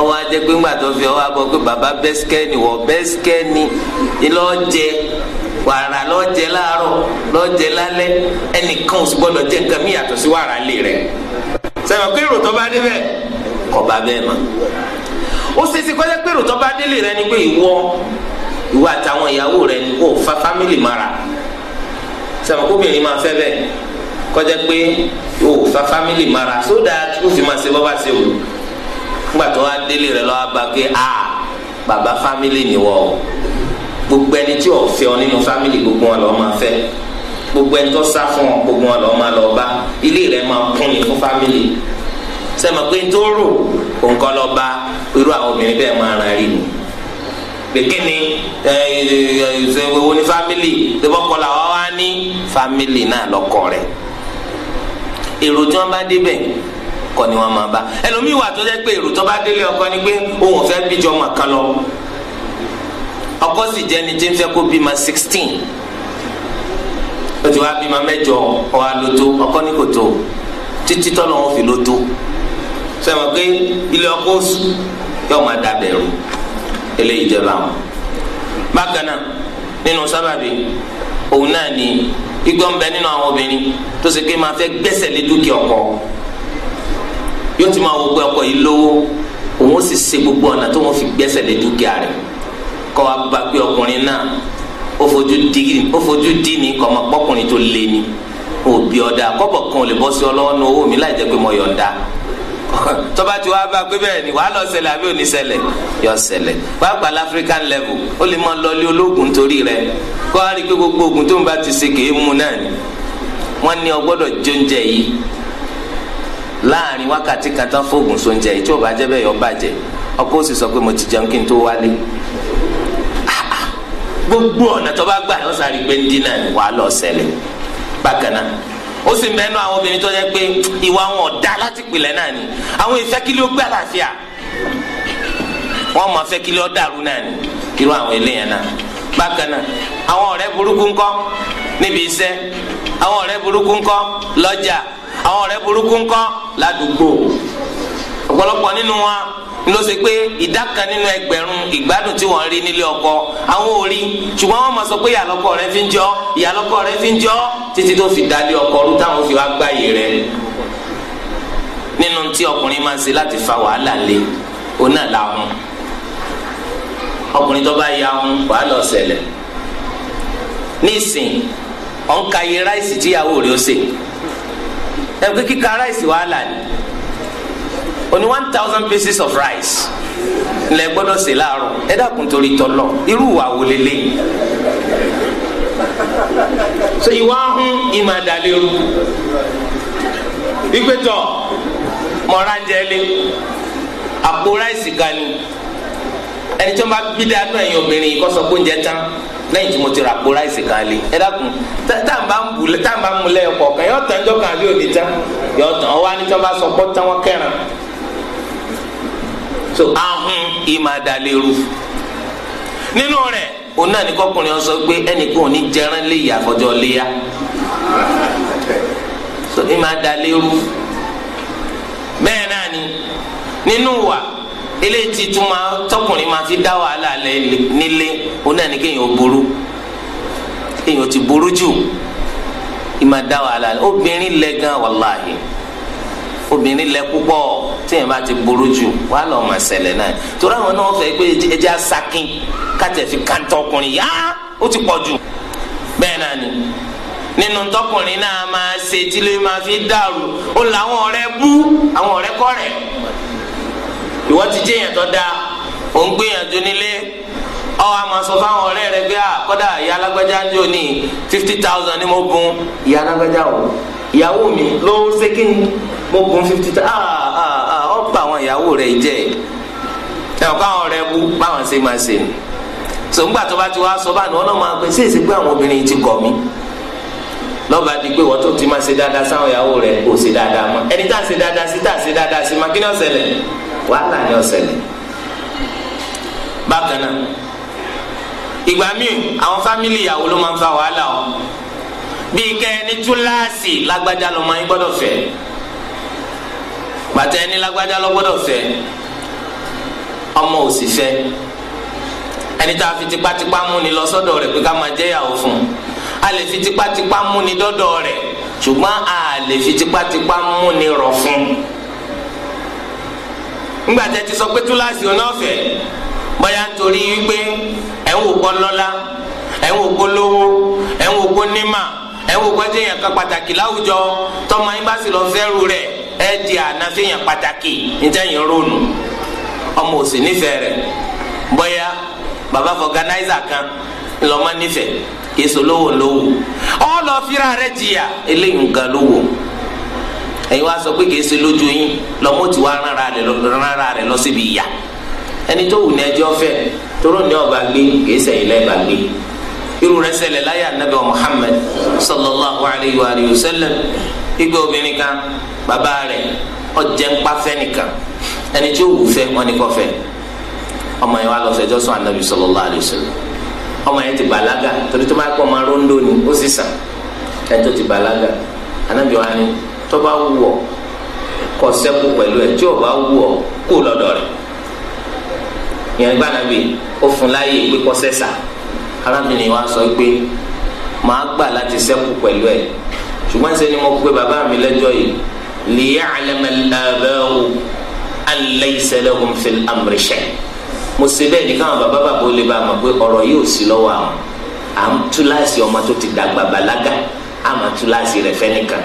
ọwọ́ ajẹ pé ńgbà tó fi ọwọ́ abọ pé baba bẹ́sikẹ́ ni wọ́ bẹ́sikẹ́ wàrà lọ́jẹ láàárọ̀ lọ́jẹ lálẹ́ ẹnìkan ò sì jẹ nǹkan mí yàtọ̀ sí wàrà lè rẹ̀ sẹ́wọ̀n kí èrò bá débẹ̀ kọ́ bẹ́ẹ̀ ó ṣeéṣe kọjá pèrò tó bá délé rẹ ni pé ìwọ ìwọ àtàwọn ìyàwó rẹ ni kò fa fámìlì mara sàmùkúbìnrin máa fẹ́ bẹ́ẹ̀ kọjá pé o fa fámìlì mara sódà ó fi máa ṣe bọ́bá ṣe o nígbà tó wá délé rẹ lọ́wọ́ bá pé a bàbá fámìlì ni wọ́n o gbogbo ẹni tí o fẹ́ ọ nínú fámìlì gbogbo wọn lọ́ọ́ máa fẹ́ gbogbo ẹni tó sá fún ọ gbogbo wọn lọ́ọ́ máa lọ́ọ́ bá ilé rẹ máa kún ní fún fámìlì sẹ́mi pé tó rò ònkọlọba irú àwọn obìnrin bẹ́ẹ̀ máa ràn rí mi gbèkéni ìṣòwò ní fámìlì ìbọkọlà wa wá ní fámìlì náà lọkọ rẹ èrò tí wọn bá débẹ̀ kọ́ ni wọn máa bá ẹlòmíì wà tó jẹ pé èrò tó bá délé ọkọ ni pé òun ò fẹ́ bíjọ ọmọ kan lọ ọkọ sì jẹ ni tí ń fẹ́ kó bímọ sixteen ó ti wá bímọ mẹ́jọ ọ wa ọkọ ní kò títí tọ́lọ́ fi lóto sẹ́wọ̀n pé ilé ọkọ̀ oṣù yóò máa dábẹ̀ rú eléyìí jẹ́ báwọn. bákan náà nínú sábàbí òun náà ni igbó ń bẹ nínú àwọn obìnrin tó ṣe pé máa fẹ́ gbẹ́sẹ̀ lé dúkìá ọkọ yóò ti máa wo pé ọkọ yìí lówó òun ó sì ṣe gbogbo ọ̀nà tó wọ́n fi gbẹ́sẹ̀ lé dúkìá rẹ̀ kọ́ wa gba pé ọkùnrin náà ó fojú di ó fojú di ní kọ́ ọmọ pọ́kùnrin tó lé ní òbí ọ̀dà kọ́bọ̀ kan ò lè bọ́ sí ọlọ́wọ́ nu owó mi láì jẹ́ pé mo yọ̀ǹda tọ́ba tí wàá bá pé ni wàá lọ ṣẹlẹ̀ àbí òní ṣẹlẹ̀ yọ ṣẹlẹ̀ l'african level ó lè mọ lọ ológun torí rẹ kó a pé gbogbo ogun tó ń bá ti se kèé mu náà ni wọ́n ní ọgbọ́dọ̀ jóúnjẹ yìí láàrin wákàtí kan tán fóògùn sóúnjẹ yìí tí ò bá jẹ́ bẹ́ẹ̀ ti jẹun kí n tó wálé ah, ah. gbogbo ọ̀nà ó sì mẹ́nu àwọn obìnrin tó jẹ́ pé ìwà wọn ọ̀dá láti pìlẹ̀ náà ni àwọn ìfẹ́kílẹ̀ ó gbé àlàáfíà wọ́n mọ̀ fẹ́kílẹ̀ ó dàrú náà ni irú àwọn eléyàn náà bákan náà àwọn ọ̀rẹ́ burúkú ńkọ́ níbi iṣẹ́ àwọn ọ̀rẹ́ burúkú ńkọ́ lọ́jà àwọn ọ̀rẹ́ burúkú ńkọ́ ládùúgbò ọ̀pọ̀lọpọ̀ nínú wọn ló ṣe pé ìdá kan nínú ẹgbẹ̀rún ìgbádùn tí wọ́n rí nílé ọkọ àwọn ò rí ṣùgbọ́n wọ́n máa sọ pé ìyàlọ́kọ rẹ fi ń jọ́ ìyàlọ́kọ rẹ fi ń jọ́ títí tó fi dalé ọkọ ọdún táwọn fi wá gbáyé rẹ nínú tí ọkùnrin máa ń ṣe láti fa wàhálà lé òun náà làwọn ọkùnrin tó bá ya òun wàhálà ọ̀sẹ̀lẹ̀ nísìn ọ̀nkàyé ráìsì tíyàwó rẹ̀ ó ṣe ẹ̀ pé kíka ráìsì wàhálà ni ó one thousand pieces of rice lẹ gbọ́dọ̀ ṣe láàárọ̀ ẹ dákun torí tọlọ irú wa wò so ìwà ahun ìmọ̀ àdàlẹ́rù ìgbẹ́tọ̀ mọ̀ránjẹ́lẹ́ àpò ráìsì kan ni ẹni tí wọn bá bí dáadọ ẹyin obìnrin kọ sọ pé oúnjẹ tán lẹ́yìn tí mo ti ra àpò ráìsì kan lé ẹ dákun táàbà ń bu táàbà ń mu lẹ́yìn kọ̀ọ̀kan yọ tán jọ àbí òní tán yọ tán ọwọ anitọ bá sọ pé tán wọn kẹran so ahun ìmàdàlérú nínú rẹ òun náà ní kọkùnrin sọ pé ẹnìkan ò ní jẹran léyà àfọjọ so ìmàdàlérú bẹ́ẹ̀ náà ni nínú wa eléyìí ti tún máa tọkùnrin máa fi dá wàhálà lẹ nílé òun náà ní kéèyàn burú kéèyàn ti burú jù ìmàdá obìnrin lẹ gan wàláhì. obìnrin lẹ púpọ̀ tí yẹn bá ti burú jù wàá lọ mà ṣẹlẹ̀ náà torí àwọn náà fẹ́ pé ẹjẹ́ asakin kàtẹ́ fi kàńtọ́ ọkùnrin yá ó ti pọ̀ jù bẹ́ẹ̀ náà ni nínú tọkùnrin náà máa ṣe tí ló máa fi dàrú ó làwọn ọ̀rẹ́ bú àwọn ọ̀rẹ́ kọ̀rẹ́ ìwọ ti jẹ́ èèyàn tó dáa ò ń gbìyànjú nílé ọwọ a máa sọ fáwọn ọ̀rẹ́ rẹ̀ pé àkọdà ìyá alágbájá ń jò ní fifty thousand ni mo bùn ìyá alágbájá o ìyàwó mi ló ṣe kí ni mo gun fifty ta ah ah ah ọ pa àwọn ìyàwó rẹ jẹ ẹ ọ káwọn rẹ bú báwọn ṣe máa ṣe so ńgbà tó bá ti wá sọ báyìí ọlọ́mọ àgbẹ̀ ṣe é pé àwọn obìnrin ti kọ̀ mí lọ́ba di pé wọ́n tó ti máa ṣe dáadáa sáwọn ìyàwó rẹ̀ kò ṣe dáadáa mọ́ ẹni tá a ṣe dáadáa sí tá a ṣe dáadáa sí máa kí ni ó ṣẹlẹ̀ wàhálà ni ó ṣẹlẹ̀ bákan náà ìgbà míì àwọn fámìlì ìyàwó ló máa ń fa wàhálà o bíi kẹ́ ẹni túláàsì lágbájá lọ́mọ yín gbọ́dọ̀ fẹ́ẹ́ gbàtà ẹni lágbájá ló ọmọ ẹni tá a fi tipátipá mú lọ sọdọ rẹ̀ pé ká máa jẹ́ ìyàwó fún un a lè fi tipátipá mú ni dọ́dọ̀ rẹ̀ ṣùgbọ́n a lè fi tipátipá mú ni rọ̀ fún un nígbà ti sọ pé túláàsì ọ̀nà ọ̀fẹ́ nítorí ẹ̀ ń wò kọ́ lọ́la, ẹ̀ ń wò kọ́ lówó ẹ̀ ń wò kọ́ nímà ẹ di ànáfíyàn pàtàkì níjẹyìn rónù ọmọ òsì nífẹ̀ẹ́ rẹ̀ bóyá bàbá fọganáìzà kan lọmọ nífẹ̀ẹ́ kì í so lówó lówó ọlọ fira rẹ̀ jìyà eléyìí nǹkan lówó ẹ̀yin wá sọ pé kì í ṣe lójú yín lọ́mọ tí wàá rárá rẹ̀ lọ síbi ìyá ẹni tó wù ní ẹjọ́ fẹ́ toró ní ọba gbé kì í sẹ́yìn lẹ́ẹ̀bà gbé irú rẹ̀ ṣẹlẹ̀ láyé anabi Muhammad sallallahu alayhi wa sallam igbe obìnrin kan bàbá rẹ̀ ọjẹ́ ń pa fẹ́ nìkan ẹni tí ó wù fẹ́ wọn ni kò fẹ́ ọmọ yẹn wà lọ fẹjọ́ sùn anabi sallallahu alaihi wasallam ọmọ yẹn ti bàlágà torí tó bá pọ̀ máa rondo ni ó sì sàn ẹni tó ti bàlágà anabi wa ni tó bá wù ọ́ kọ sẹ́kù pẹ̀lú ẹ̀ tí ò bá wù ọ́ kó lọ́dọ̀ rẹ̀ yẹn gba anabi ó fún láyè pé kọ sẹ́sà arábìnrin wa sọ pé màá gbà láti sẹ́kù pẹ̀lú ẹ̀ ṣùgbọ́n ṣe ni mo pe bàbá mi lẹ́jọ́ yìí liya'lama al-aba'u an laysa lahum fil amri shay mo ṣe bẹ́ẹ̀ ní káwọn bàbá bàbá ó lè bá a mọ̀ pé ọ̀rọ̀ yìí ò sí lọ́wọ́ àwọn à ń túláàsì ọmọ tó ti dàgbà bàlágà à máa túláàsì rẹ̀ fẹ́ nìkan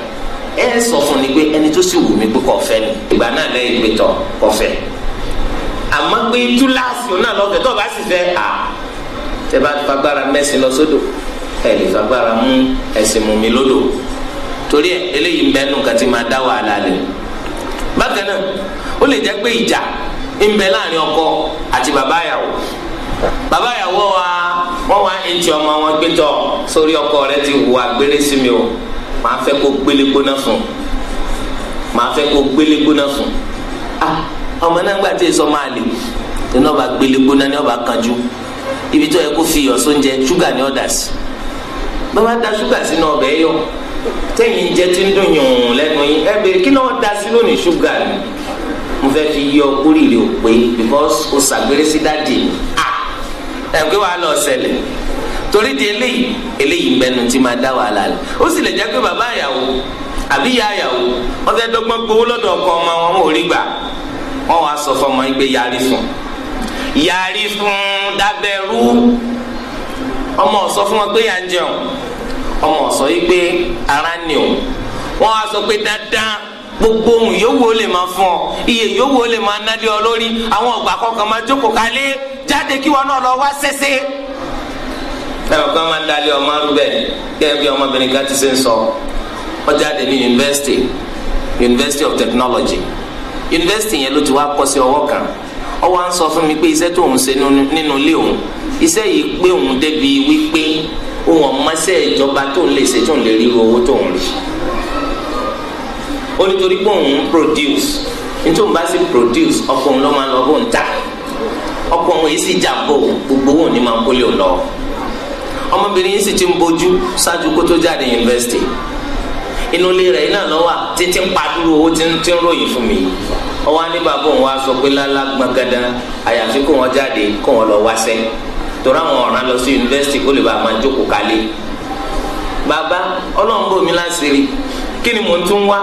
ẹ sọ fún ni pé ẹni tó sì wù mí pé kò fẹ́ ni ìgbà náà lẹ́yìn pé tọ̀ kò fẹ́ àmọ́ pé túláàsì náà lọ́fẹ̀ẹ́ tó bá sì fẹ́ à torí ẹ eléyìí ń bẹ nù kàtí máa dá wàhálà lẹ bákan náà ó lè jẹ pé ìjà ń bẹ láàrin ọkọ àti bàbá yàwó bàbá yàwó wa wọn wá ẹntì ọmọ wọn gbé tọ sórí ọkọ rẹ ti wù agbélé sí mi o màá fẹ́ kó gbélé gbóná fún màá fẹ́ kó gbélé gbóná fún ah ọmọ náà gbà tí èso máa lè ní ọba gbélé gbóná ní ọba kanjú ibi tó yẹ kó fi iyọ̀ sóúnjẹ ṣúgà ní ọ̀dà sí bàbá da ṣúgà sínú ọbẹ̀ yọ tẹ́yìn jẹ́ tí ń dùn yùn lẹ́nu yín ẹ bèrè kí náà da sí lónìí ṣúgà ni mo fẹ́ fi yọ kórìíre ò pé because o ṣàgbére sí dáàdì mi ah ẹ̀ pé wàá lọ ṣẹlẹ̀ torí di eléyìí eléyìí ń bẹnu tí máa dá wàhálà rẹ̀ ó sì lè jẹ́ pé bàbá àyàwó àbí ìyá àyàwó wọ́n fẹ́ dọ́gbọ́n gbowó lọ́dọ̀ ọkọ ọmọ wọn wọn ò rí gbà wọ́n wàá sọ fọmọ yín pé yarí fún yarí fún dábẹ́rú ọmọ sọ fún wọn pé yà ń jẹun ọmọ sọ yìí pé ara ni o wọn á sọ pé dáadáa gbogbo ohun yòówó lè máa fún ọ iye yòówó lè máa nálé ọ lórí àwọn ọgbà kọkàn máa jókòó jáde kí wọn náà lọ wá sẹsẹ. ẹ̀rọ kan máa ń dalẹ̀ ọmọ arúgbẹ́ sọ ọ jáde ní yunifásitì of technology yunifásitì yẹn ló ti wá kọ́ sí ọwọ́ kan sọ fún mi pé iṣẹ́ tó ń ṣe nínú ilé òun iṣẹ́ yìí pé òun débi wípé òun ọ̀mọ́sẹ̀ ìjọba tó ń lè ṣe tó ń lè rí owó tó ń rí ó nítorí pé òun ń produce nítorí bá sì produce ọkọ òun ló máa lọ bó ń ta ọkọ òun yìí sì jàǹbó gbogbo òun ni máa ń kólé òun lọ ọmọbìnrin yìí sì ti ń bójú ṣáájú kó tó jáde yunifásitì inú ilé rẹ̀ iná lọ́wọ́ títí ń padúró owó tí ń tí ń ròyìn fún mi ọwọ́ á ní bàbá òun wá sọ pé lálá gbọ̀ngàdà àyàfi kó wọn jáde kó wọn lọ wáṣẹ́ torí àwọn ọ̀ràn lọ sí yunifásitì kó lè bá a máa jókòó kalẹ̀ bàbá ọlọ́nbó mi láṣìírí kí ni mò ń tún wá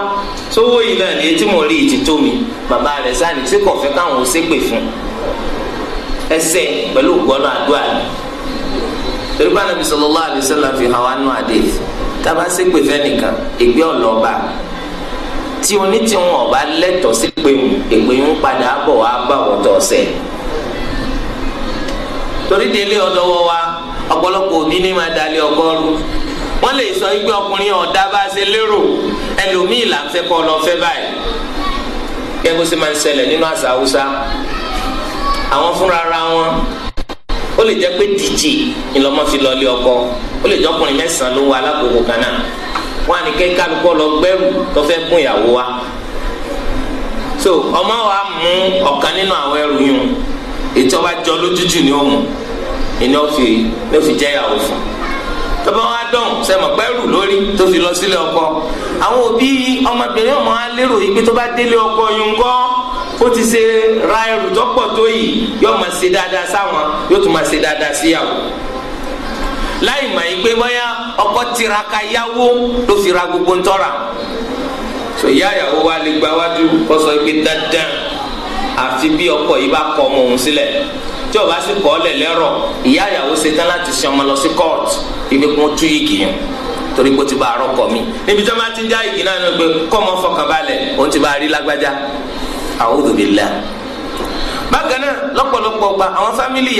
sówó yìí náà ni etí mò rí ìtì tó mi bàbá rẹ̀ sáà ní tí kò fẹ́ káwọn ò ṣépè fún ẹsẹ̀ pẹ̀lú gbọ́nà àdúrà mi torí bá nàbì sallallahu alaihi wasallam fi hàn wá nù àdéhì tába ṣépè fẹ́nìkan ègbé ọ̀lọ́ba tí oní tiwọn ọba lẹ́tọ̀ọ́ ṣépè ègbé ń padà bọ̀ wá bá wọ́tọ̀ ọ̀sẹ̀ torí délé ọdọwọ wa ọ̀pọ̀lọpọ̀ òbí ní máa dalẹ ọgọrù wọn lè sọ igbe ọkùnrin ọdá bá ṣe lérò ẹlòmíì là ń fẹ́ kọ lọ fẹ́ báyìí kẹgbẹ sì máa ń ṣẹlẹ̀ nínú àṣà haúsá àwọn fúnra ara wọn ó lè jẹ́ pé díje ńlọmọ fi lọlé ọkọ ó lè jẹ́ ọkùnrin mẹ́sàn ló wà alákòókò kan náà wọn àni kẹ kálukọ lọ gbẹrù tó fẹ́ kún ìyàwó wa so ọmọ wa mú ọ̀kan nínú àwọn ẹrù yìí ètò ọba jọ lójújù ni ó mú ẹni ó fi ló fi jẹ́yàwó fún tọ́ba wa dán sẹ́mọ̀ pẹ́rù lórí tó fi lọ sílé ọkọ àwọn òbí ọmọbìnrin ọmọ alérò yìí pé tó bá délé ọkọ yìí ń kọ́ ó ti ṣe ra ẹrù tọ́pọ̀ tó yìí yóò máa ṣe dáadáa sáwọn yóò tún máa ṣe dáadáa síyàwó láì mọ̀ yìí pé bóyá ọkọ tiraka yáwó ló fi ra gbogbo ńtọ́ra tó ìyá ìyàwó wa lè gba wájú kó sọ pé dandan àfi bí ọkọ yìí bá kọ ọmọ òun sílẹ̀. tí o bá sì kọ́ ọ́lẹ̀ lẹ́rọ̀ ìyá ìyàwó ṣetán láti ọmọ lọ sí kóòtù ibi kún tú igi yẹn torí pé o ti bá kọ mi níbi tí bá ti ń já igi náà ni pé kọ́ ọmọ fọkànbalẹ̀ òun ti bá rí lágbájá àwọn fámìlì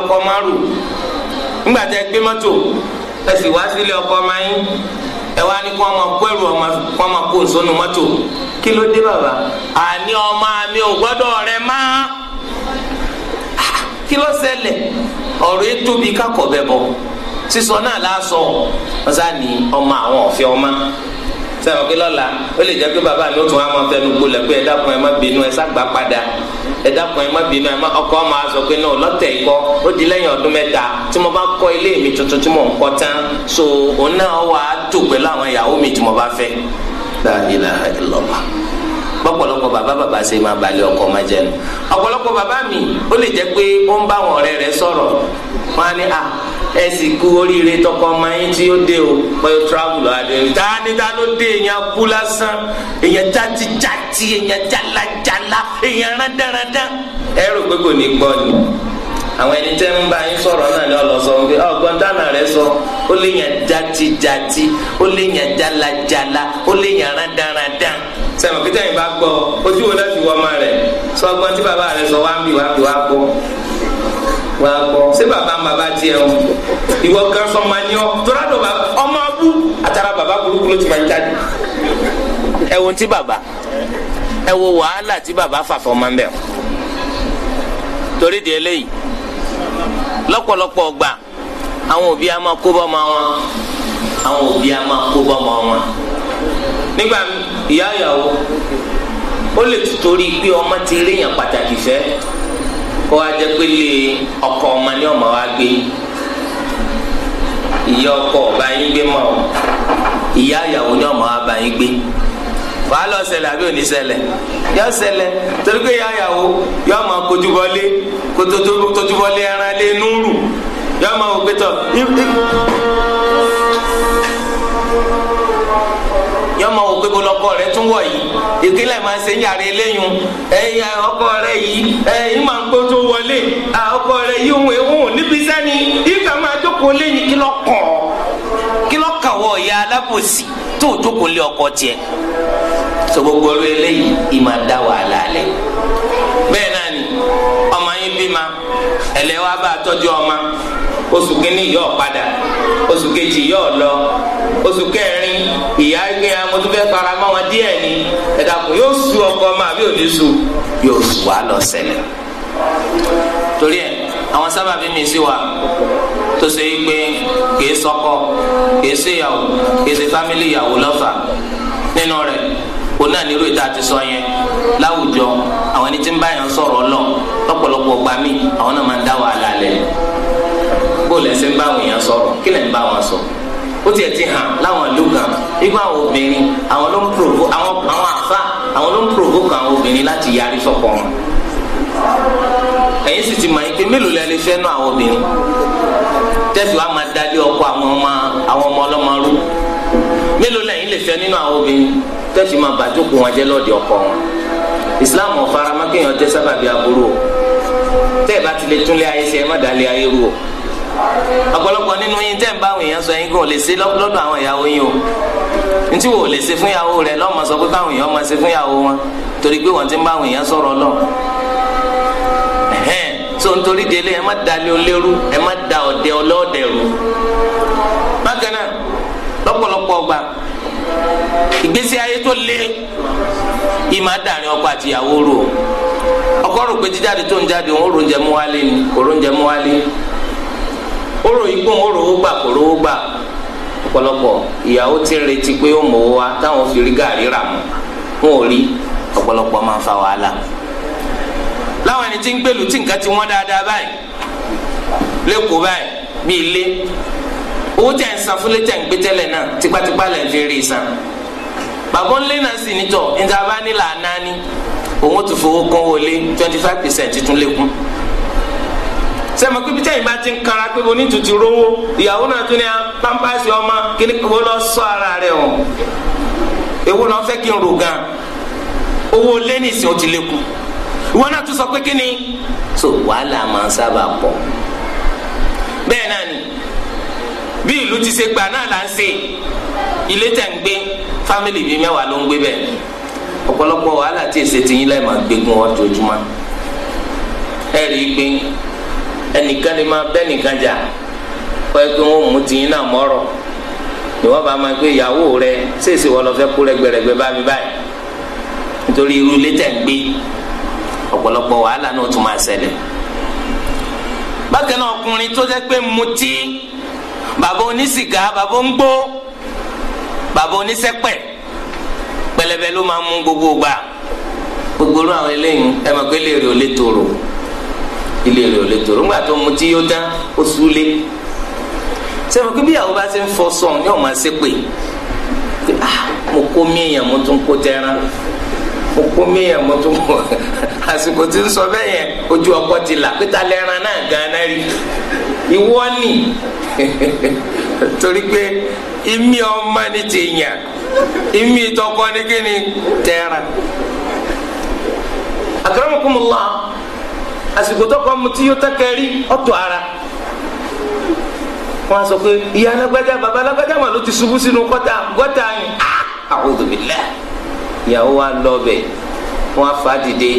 ọkọ márùn nígbà tí ẹ gbé mọ́tò ọkọ ẹ wá ní kó ọmọ kó ẹrù ọmọ kó kí ló ṣẹlẹ̀ ọ̀rọ̀ yẹn tóbi kakọ̀ bẹ̀ bọ̀ sísọ náà lásọ ọ̀sán ni ọmọ àwọn ọ̀fẹ́ ọmọ sẹ́wọ̀n pé lọ́la ó lè jẹ́ pé bàbá mi ó tún á máa fẹnu gbolẹ̀ pé ẹ dákun ẹ má bínú ẹ ságbá padà ẹ dákun ẹ má bínú ẹ má ọkọ máa sọ pé náà lọ́tẹ̀ ikọ́ ó di lẹ́yìn ọdún mẹ́ta tí mo bá kọ́ ilé mi tuntun tí mo ń kọ́ tán so òun náà wà á dùn pẹ̀lú àwọn ìyàwó mi tí mo bá fẹ́. La ilaha illallah bọ́pọ̀lọpọ̀ bàbá bàbá ṣe máa balẹ̀ ọkọ máa jẹnu ọ̀pọ̀lọpọ̀ bàbá mi ó lè jẹ́ pé ó ń bá àwọn ọ̀rẹ́ rẹ̀ sọ̀rọ̀ wọn á ní à ẹ sì kú oríire tọkọ ọmọ yín tí ó dé o pẹ̀lú travel adé dáadáa ló dé èèyàn kú lásán èèyàn játi játi èèyàn jálajàla èèyàn rándanrandan ẹ rò pé kò ní gbọ́ ni àwọn ẹni tẹ́ ń bá yín sọ̀rọ̀ náà ni ọlọ́sọ ń gbé ọgbọ́n dáná rẹ sọ ó lè yàn játi ó lè yàn jálajàla ó lè yàn rándanrandan sẹ́wọ̀n kí tẹ̀yìn bá gbọ́ ojú wo láti wọ ọmọ rẹ̀ sọgbọ́n tí bàbá rẹ̀ sọ wá ń bì wá bì wá gbọ́ wá gbọ́ ṣé bàbá ń bàbá tiẹ̀ o ìwọ kan sọ ma ní ọ tóra dọ̀ bàbá ọmọ abú àtàrà bàbá burúkú ló ti máa ń jáde. ẹ wo ti bàbá ẹ wo wàhálà tí bàbá fàfọ́ máa ń bẹ̀ torí di eléyìí lọ́pọ̀lọpọ̀ ọgbà àwọn òbí a máa kó bọ́ ọmọ wọn àwọn òbí a máa kó bọ́ ọmọ wọn. nígbà ìyá ìyàwó ó lè torí pé ọmọ ti rí yàn pàtàkì fẹ́ kó wá jẹ́ pé lé ọkọ ọmọ ní ọmọ wa gbé ìyá ọkọ ọba yín gbé mọ́ ìyá ìyàwó ní ọmọ wa bá yín gbé wàá lọ ṣẹlẹ̀ àbí òní yọ ṣẹlẹ̀ torí pé yọ máa kojú bọlé bọlé lé yọ ma wò pé bó lọkọ rẹ tún wọ yìí ìkílẹ̀ máa ṣe ń yàrá eléyìí ẹ̀yà ọkọ rẹ yìí ẹ̀yìn máa ń kó tó wọlé ọkọ rẹ yìí ń wẹ̀hún níbi máa jókòó léyìn kí lọ kọ kí lọ ìyá gbogbo eléyìí wàhálà náà ni ọmọ yín bímọ oṣù kínní yóò padà oṣù kejì yóò lọ oṣù kẹrin ìyá gbé àwọn tó fẹ́ fara mọ́ wọn díẹ̀ ni ẹ̀dá kò yóò su ọkọ ọmọ àbí òní su yóò su wa lọ ṣẹlẹ̀ torí ẹ àwọn sábàbí mi sí wa tó ṣe é pé kìí sọkọ kìí ṣe ìyàwó kìí ṣe fámìlì ìyàwó lọ́fà nínú rẹ̀ kò náà nírú ìta àti sọ yẹn láwùjọ àwọn ẹni tí ń bá yẹn sọ̀rọ̀ lọ lọ́pọ̀lọpọ̀ gbà mí àwọn náà máa ń dá wàhálà lẹ̀ bó lẹ́sìn bá àwọn èèyàn sọ̀rọ̀ kí lẹ́yìn bá wọn sọ ó tiẹ̀ ti hàn láwọn ìlú kan igbó àwọn obìnrin àwọn ló ń provo àwọn àwọn àfa àwọn ló ń provo kan àwọn obìnrin láti yarí sọ̀kọ̀ wọn ẹ̀yin sì ti mọ̀ ike mélòó lẹ́ lè fẹ́ nú àwọn obìnrin tẹ́sí wa máa dalé ọkọ àwọn ọmọ àwọn ọmọ ọlọ́mọ rú mélòó lẹ́yìn lè fẹ́ nínú àwọn obìnrin tẹ́sí máa bàjókòó wọn jẹ́ lọ́ọ̀dì ọkọ wọn Islam ọ̀fara mákèèyàn jẹ́ sábàbí aburú o tẹ́ ẹ bá ti lè túnlé ayé ṣe ẹ má dalé ayé rú o ọ̀pọ̀lọpọ̀ nínú yín tẹ́ ń bá àwọn èèyàn sọ yín kò lè ṣe lọ́dọ̀ àwọn ìyàwó yín o ntí wò lè ṣe fún ìyàwó rẹ lọ́mọ sọ pé káwọn èèyàn máa ṣe fún ìyàwó wọn torí pé wọ́n ti ń bá àwọn èèyàn sọ̀rọ̀ lọ. so nítorí délé ẹ má da lé olérú ẹ má da ọ̀dẹ ọlọ́ọ̀dẹ rú. bákan náà lọ́pọ̀lọpọ̀ ọgbà ìgbésí ayé tó lé ìmọ̀ àdàrin ọkọ àti ìyàwó rò ọkọ rò pé jíjáde tó ń jáde òun rò ń jẹ mú wálé ni kò rò ń jẹ mú wálé ni ó rò yí pé òun rówó gbà kò rówó gbà ọ̀pọ̀lọpọ̀ ìyàwó ti ń retí pé ó mọ̀ wá táwọn fi rí gàrí rà mọ́ wọn ò rí ọ̀pọ̀lọpọ̀ máa ń fa wàhálà láwọn ẹni tí ń gbèlú tí nǹkan ti wọ́n dáadáa báyìí lẹ́kọ̀ọ́ báyìí bíi ilé owó tẹ̀ ń san fúnlé tẹ̀ ń gbé tẹ́lẹ̀ náà tipátipá lẹ̀ ń fi rí san bàbá ńlẹ́ náà sì nítọ̀ níta bá nílà náà ní òun ó ti fowó kún wọlé twenty five percent tún lékún sẹ́mi pípi tẹ́yìn bá ti ń kara pé onítùtù rówó ìyàwó náà tún ní pampasi ọmọ kí ni kò lọ sọ ara rẹ o èwo náà fẹ́ kí n rò gan owó lẹ́nìsìn ó ti lékun ìwọ náà tún sọ pé kí ni so wàhálà máa ń sábà pọ̀ bẹ́ẹ̀ náà ni bí ìlú ti ṣe gbà náà là ń ṣe ilé tẹ̀ ń gbé fámìlì bíi mẹ́wàá ló ń gbé bẹ́ẹ̀ ọ̀pọ̀lọpọ̀ wàhálà tí èsè ti yín lẹ́ẹ̀ máa gbégun ọjọ́júmọ́ ẹnìkan lè máa bẹ́ nìkan jà kọ́ ẹ wọ́n mú tiyín náà mọ́rọ̀ ni wọ́n bá máa gbé ìyàwó rẹ ṣèṣe wọ́n lọ fẹ́ kú rẹ́gbẹ̀rẹ́gbẹ́ bá báyìí nítorí irú ilé tẹ̀ ń gbé ọ̀pọ̀lọpọ̀ wàhálà náà tún máa ṣẹlẹ̀ bákan náà ọkùnrin tó jẹ́ pé mutí gbogbo gbà gbogbo àwọn eléyìí ẹ ilé rẹ̀ ò lè tòrò ńgbà tó mu tí yóò tán ó súlé sẹ́wọ̀n kí bí bá ṣe ń fọ sọ̀n ní ọ̀ma ṣe pé ah, mo kó mi mo tún kó tẹ́ran mo kó mo tún kó [laughs] àsìkò tí ń sọ bẹ́ẹ̀ yẹn ojú ọkọ ti là pété alẹ́ran náà gan-an rí ìwọ ni [laughs] torí pé ìmí ọmọ ni ti yàn ìmí ni kí àsìkò tọkọ mu tí yóò tẹkẹ rí ọtọ ara wọn sọ pé ìyá alágbájá bàbá alágbájá mà ló ti ṣubú sínú kọta gọta yìí ah, a'udhu billah ìyàwó wa lọ bẹ wọn fà á dìde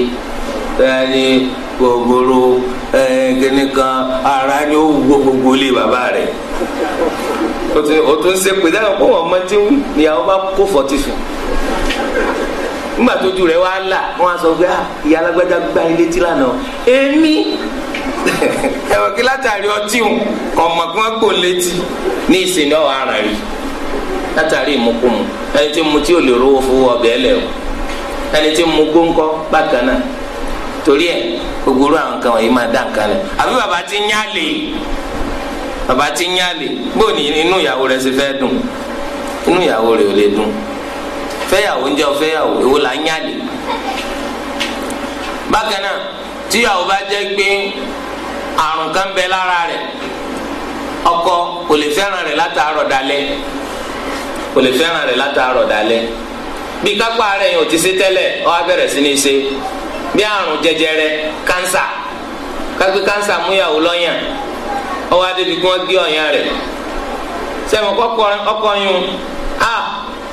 bẹ́ẹ̀ ni gbogbooro kìnìkan ara ni ó wo gbogbo ilé bàbá rẹ o tún ṣe pé dáhùn kó wọn mọ ìyàwó bá kó fọtí fún un nígbà tójú rẹ̀ wá là wọ́n á sọ pé ah, ìyá alágbádá gba ilé tí lánàá èmi [laughs] ẹ̀wọ̀n kí látàrí ọtí òun ọmọ kí wọ́n gbò létí ní ìsìn náà ara rí látàrí ìmukúmu ẹni tí mu tí ò lè rówó fowó ọbẹ̀ ẹlẹ̀ o ẹni tí mu gbóńkọ́ bákan náà torí ẹ gbogbo àwọn nǹkan wọ̀nyí máa dá nǹkan lẹ̀ àbí bàbá ti ń yálè bàbá ti ń yálè bóòní inú ìyàwó rẹ̀ ṣe fẹ́ dùn inú ìyàwó rẹ̀ ò lè dùn fẹ́yàwó ń jẹ́ fẹ́yàwó èwo là ń yàlè bákan náà tíyàwó bá jẹ́ pé àrùn kan bẹ lára rẹ̀ ọkọ kò lè fẹ́ràn rẹ̀ látàárọ̀ dalẹ́ kò lè fẹ́ràn bí kápá ti ṣe wá sí ní ṣe bí àrùn jẹjẹrẹ kánsà kánsà múyàwó wá débi kí gé ọkọ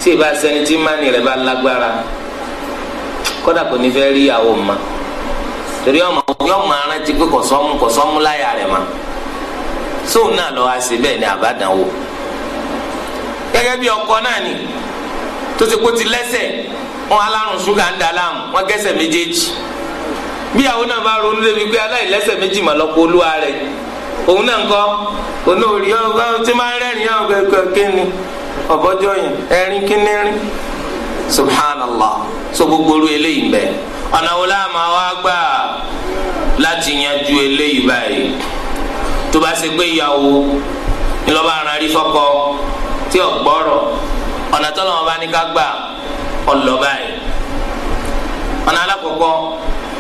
tí ì bá sẹni tí mánì rẹ̀ bá lágbára kódà kò ní fẹ́ rí ìyàwó ma torí ọmọ ọmọ arántí pé kò kọsọmú láyà rẹ ma sóun náà lọ wá sí bẹ́ẹ̀ ni àbádànwò bi bí ọkọ náà ni tó ti kó ti wọn alárùn ṣúgà ń wọn méjèèjì bí ronú débi pé méjì mà olúwa kọ́ òun náà rí ọ máa ń ọgọ́jọ yẹn ẹ̀rin kínírin subhanallah so gbogbo orí eléyìí bẹ́ẹ̀ ọ̀nà wo la máa wá gbà láti yanjú eléyìí báyìí tó bá ṣe pé ìyàwó ńlọba ara rí fọ́kọ tí ò gbọ́rọ̀ ọ̀nà tó lọ́wọ́ bá ní ká gbà ọ̀lọ́ báyìí ọ̀nà alákọ̀ọ́kọ́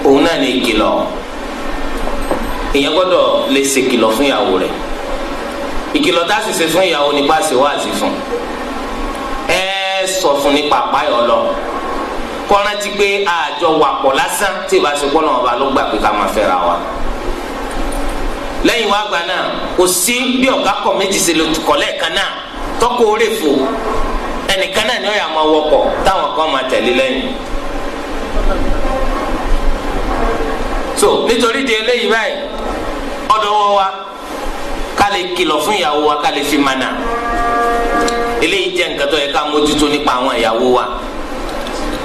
òun náà ní ìkìlọ̀ èèyàn gbọ́dọ̀ lè ṣèkìlọ̀ fún ìyàwó rẹ̀ ìkìlọ̀ tá a sì ṣe fún ìyàwó nípa ṣèwádìí fún un ẹ sọ fún nípa àpáyọ lọ kọ́rántí pé àjọ wàpọ̀ lásán tí ìbá ṣe gbọ́dọ̀ ọba ló gbà pé ká máa fẹ́ra wa lẹ́yìn wá gba náà kò sí bí ọ̀gá kọ̀ méjì ṣe lè kọ́ lẹ́ẹ̀kan náà tọ́kọ̀ orí fò ẹnìkan náà ni ó yà máa wọkọ̀ táwọn kan máa tẹ̀lé lẹ́yìn so nítorí di eléyìí báyìí ọ̀dọ̀ wọ wa ká lè kìlọ̀ fún ìyàwó wa ká lè fi mànà eléyìí jẹ́ nǹkan tó yẹ ká mójútó nípa àwọn ìyàwó wa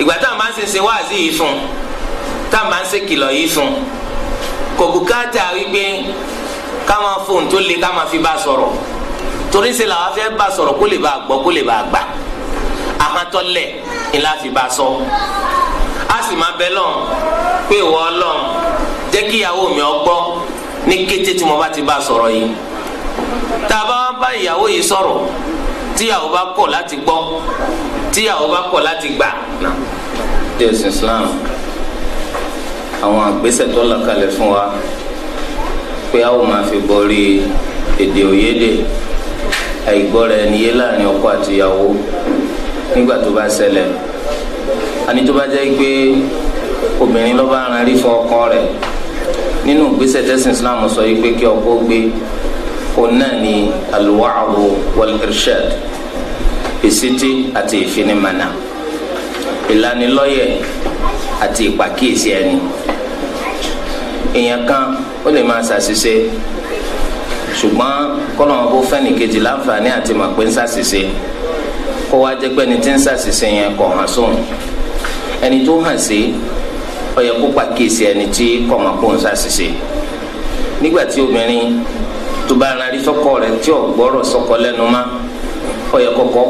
ìgbà tá à ń bá ń ṣe ṣe wáàzí yìí fún tá à ń bá ń ṣe kìlọ̀ yìí fún kò bùkátà wípé ká máa fóun tó le ká máa fi bá sọ̀rọ̀ torí ṣe làwọn afẹ́ bá sọ̀rọ̀ kó lè bá gbọ́ kó lè bá gbà ahantɔlɛ ìlàfi bá sọ a sì máa bẹ lọ pé ìwọ lọ jẹ́ kí ìyàwó mi ọgbọ́ ní kété tí mo bá ti bá sọ̀rọ̀ yìí tá a bá bá ìyàwó yìí sọ̀rọ̀ tíyàwó bá kọ̀ láti gbọ́ tíyàwó bá kọ̀ láti gbà. ní ẹ̀sìn Islam àwọn àgbésẹ̀ tó là kalẹ̀ fún wa pé a ó máa fi borí èdè òyédè àìgbọ́ra ẹni yé láàrin ọkọ àti ìyàwó nígbà tó bá ṣẹlẹ̀ àní tó bá jẹ́ pé obìnrin ló bá ran rí fún ọkọ rẹ̀ nínú ìgbésẹ̀ tẹ́sìn Islam sọ yìí pé kí ọkọ gbé onani alwa'u wal irshad ìsítí àti ìfinimana ìlanilọ́yẹ̀ àti ìpàkíyèsí ẹni èèyàn kan ó lè máa ṣàṣìṣe ṣùgbọ́n kọ́nà ọkọ fẹ́nìkejì láǹfààní àti mọ̀ pé ń ṣàṣìṣe kó wá jẹ́ pé ẹni tí ń ṣàṣìṣe yẹn kò hàn sóhun ẹni tó hàn sí ó yẹ kó pàkíyèsí ẹni tí kò mọ̀ pé ń ṣàṣìṣe nígbà tí obìnrin tó bá ara rí sọ́kọ rẹ̀ tí ò gbọ́rọ̀ sọ́kọ lẹ́nu má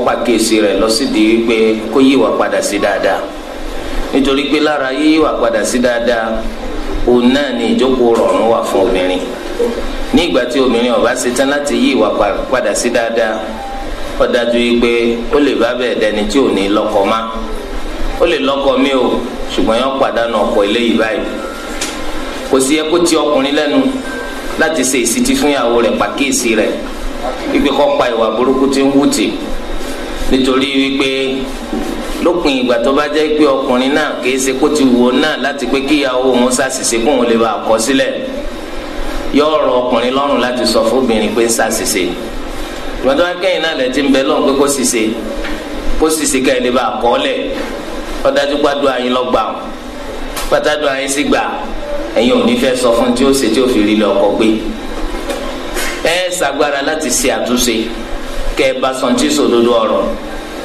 pàkíyèsí lọ sí di wípé kó yíwà padà sí dáadáa nítorí pé lára padà sí dáadáa òun náà ni ìjókòó rọrùn wà fún obìnrin ní ìgbà tí obìnrin ò bá ṣetán láti yí padà sí dáadáa wípé ó lè mi o ṣùgbọ́n eléyìí báyìí kò sí ẹ kó ti ọkùnrin láti ṣe ìsìtì fún ìyàwó rẹ̀ pàkíyèsí rẹ̀ wípé kọ́ pa ìwà burúkú tí ń wù tì nítorí wípé lópin ìgbà tó bá jẹ́ pé ọkùnrin náà kìí ṣe kó ti wò náà láti pé kíyàwó òun ṣàṣìṣe kó òun lè bá kọ sílẹ̀ yóò rọ ọkùnrin lọ́rùn láti sọ fóbìnrin pé ń ṣàṣìṣe ìgbàdàn akẹ́yìn náà lè ti ń bẹ lọ́rùn pé kó ṣìṣe kó ṣìṣe ká lè bá kọ́ lẹ̀ ọ̀dájú gbádùn àyín lọ́gbà pátádùn àyín sì gbà ẹ̀yin ò ní fẹ́ sọ fún tí ó ṣe tí ó fi rí lọ ọkọ gbé ẹ ṣàgbára láti ṣe àtúnṣe kẹ ẹ bá sọ̀n tí sòdodo ọ̀rọ̀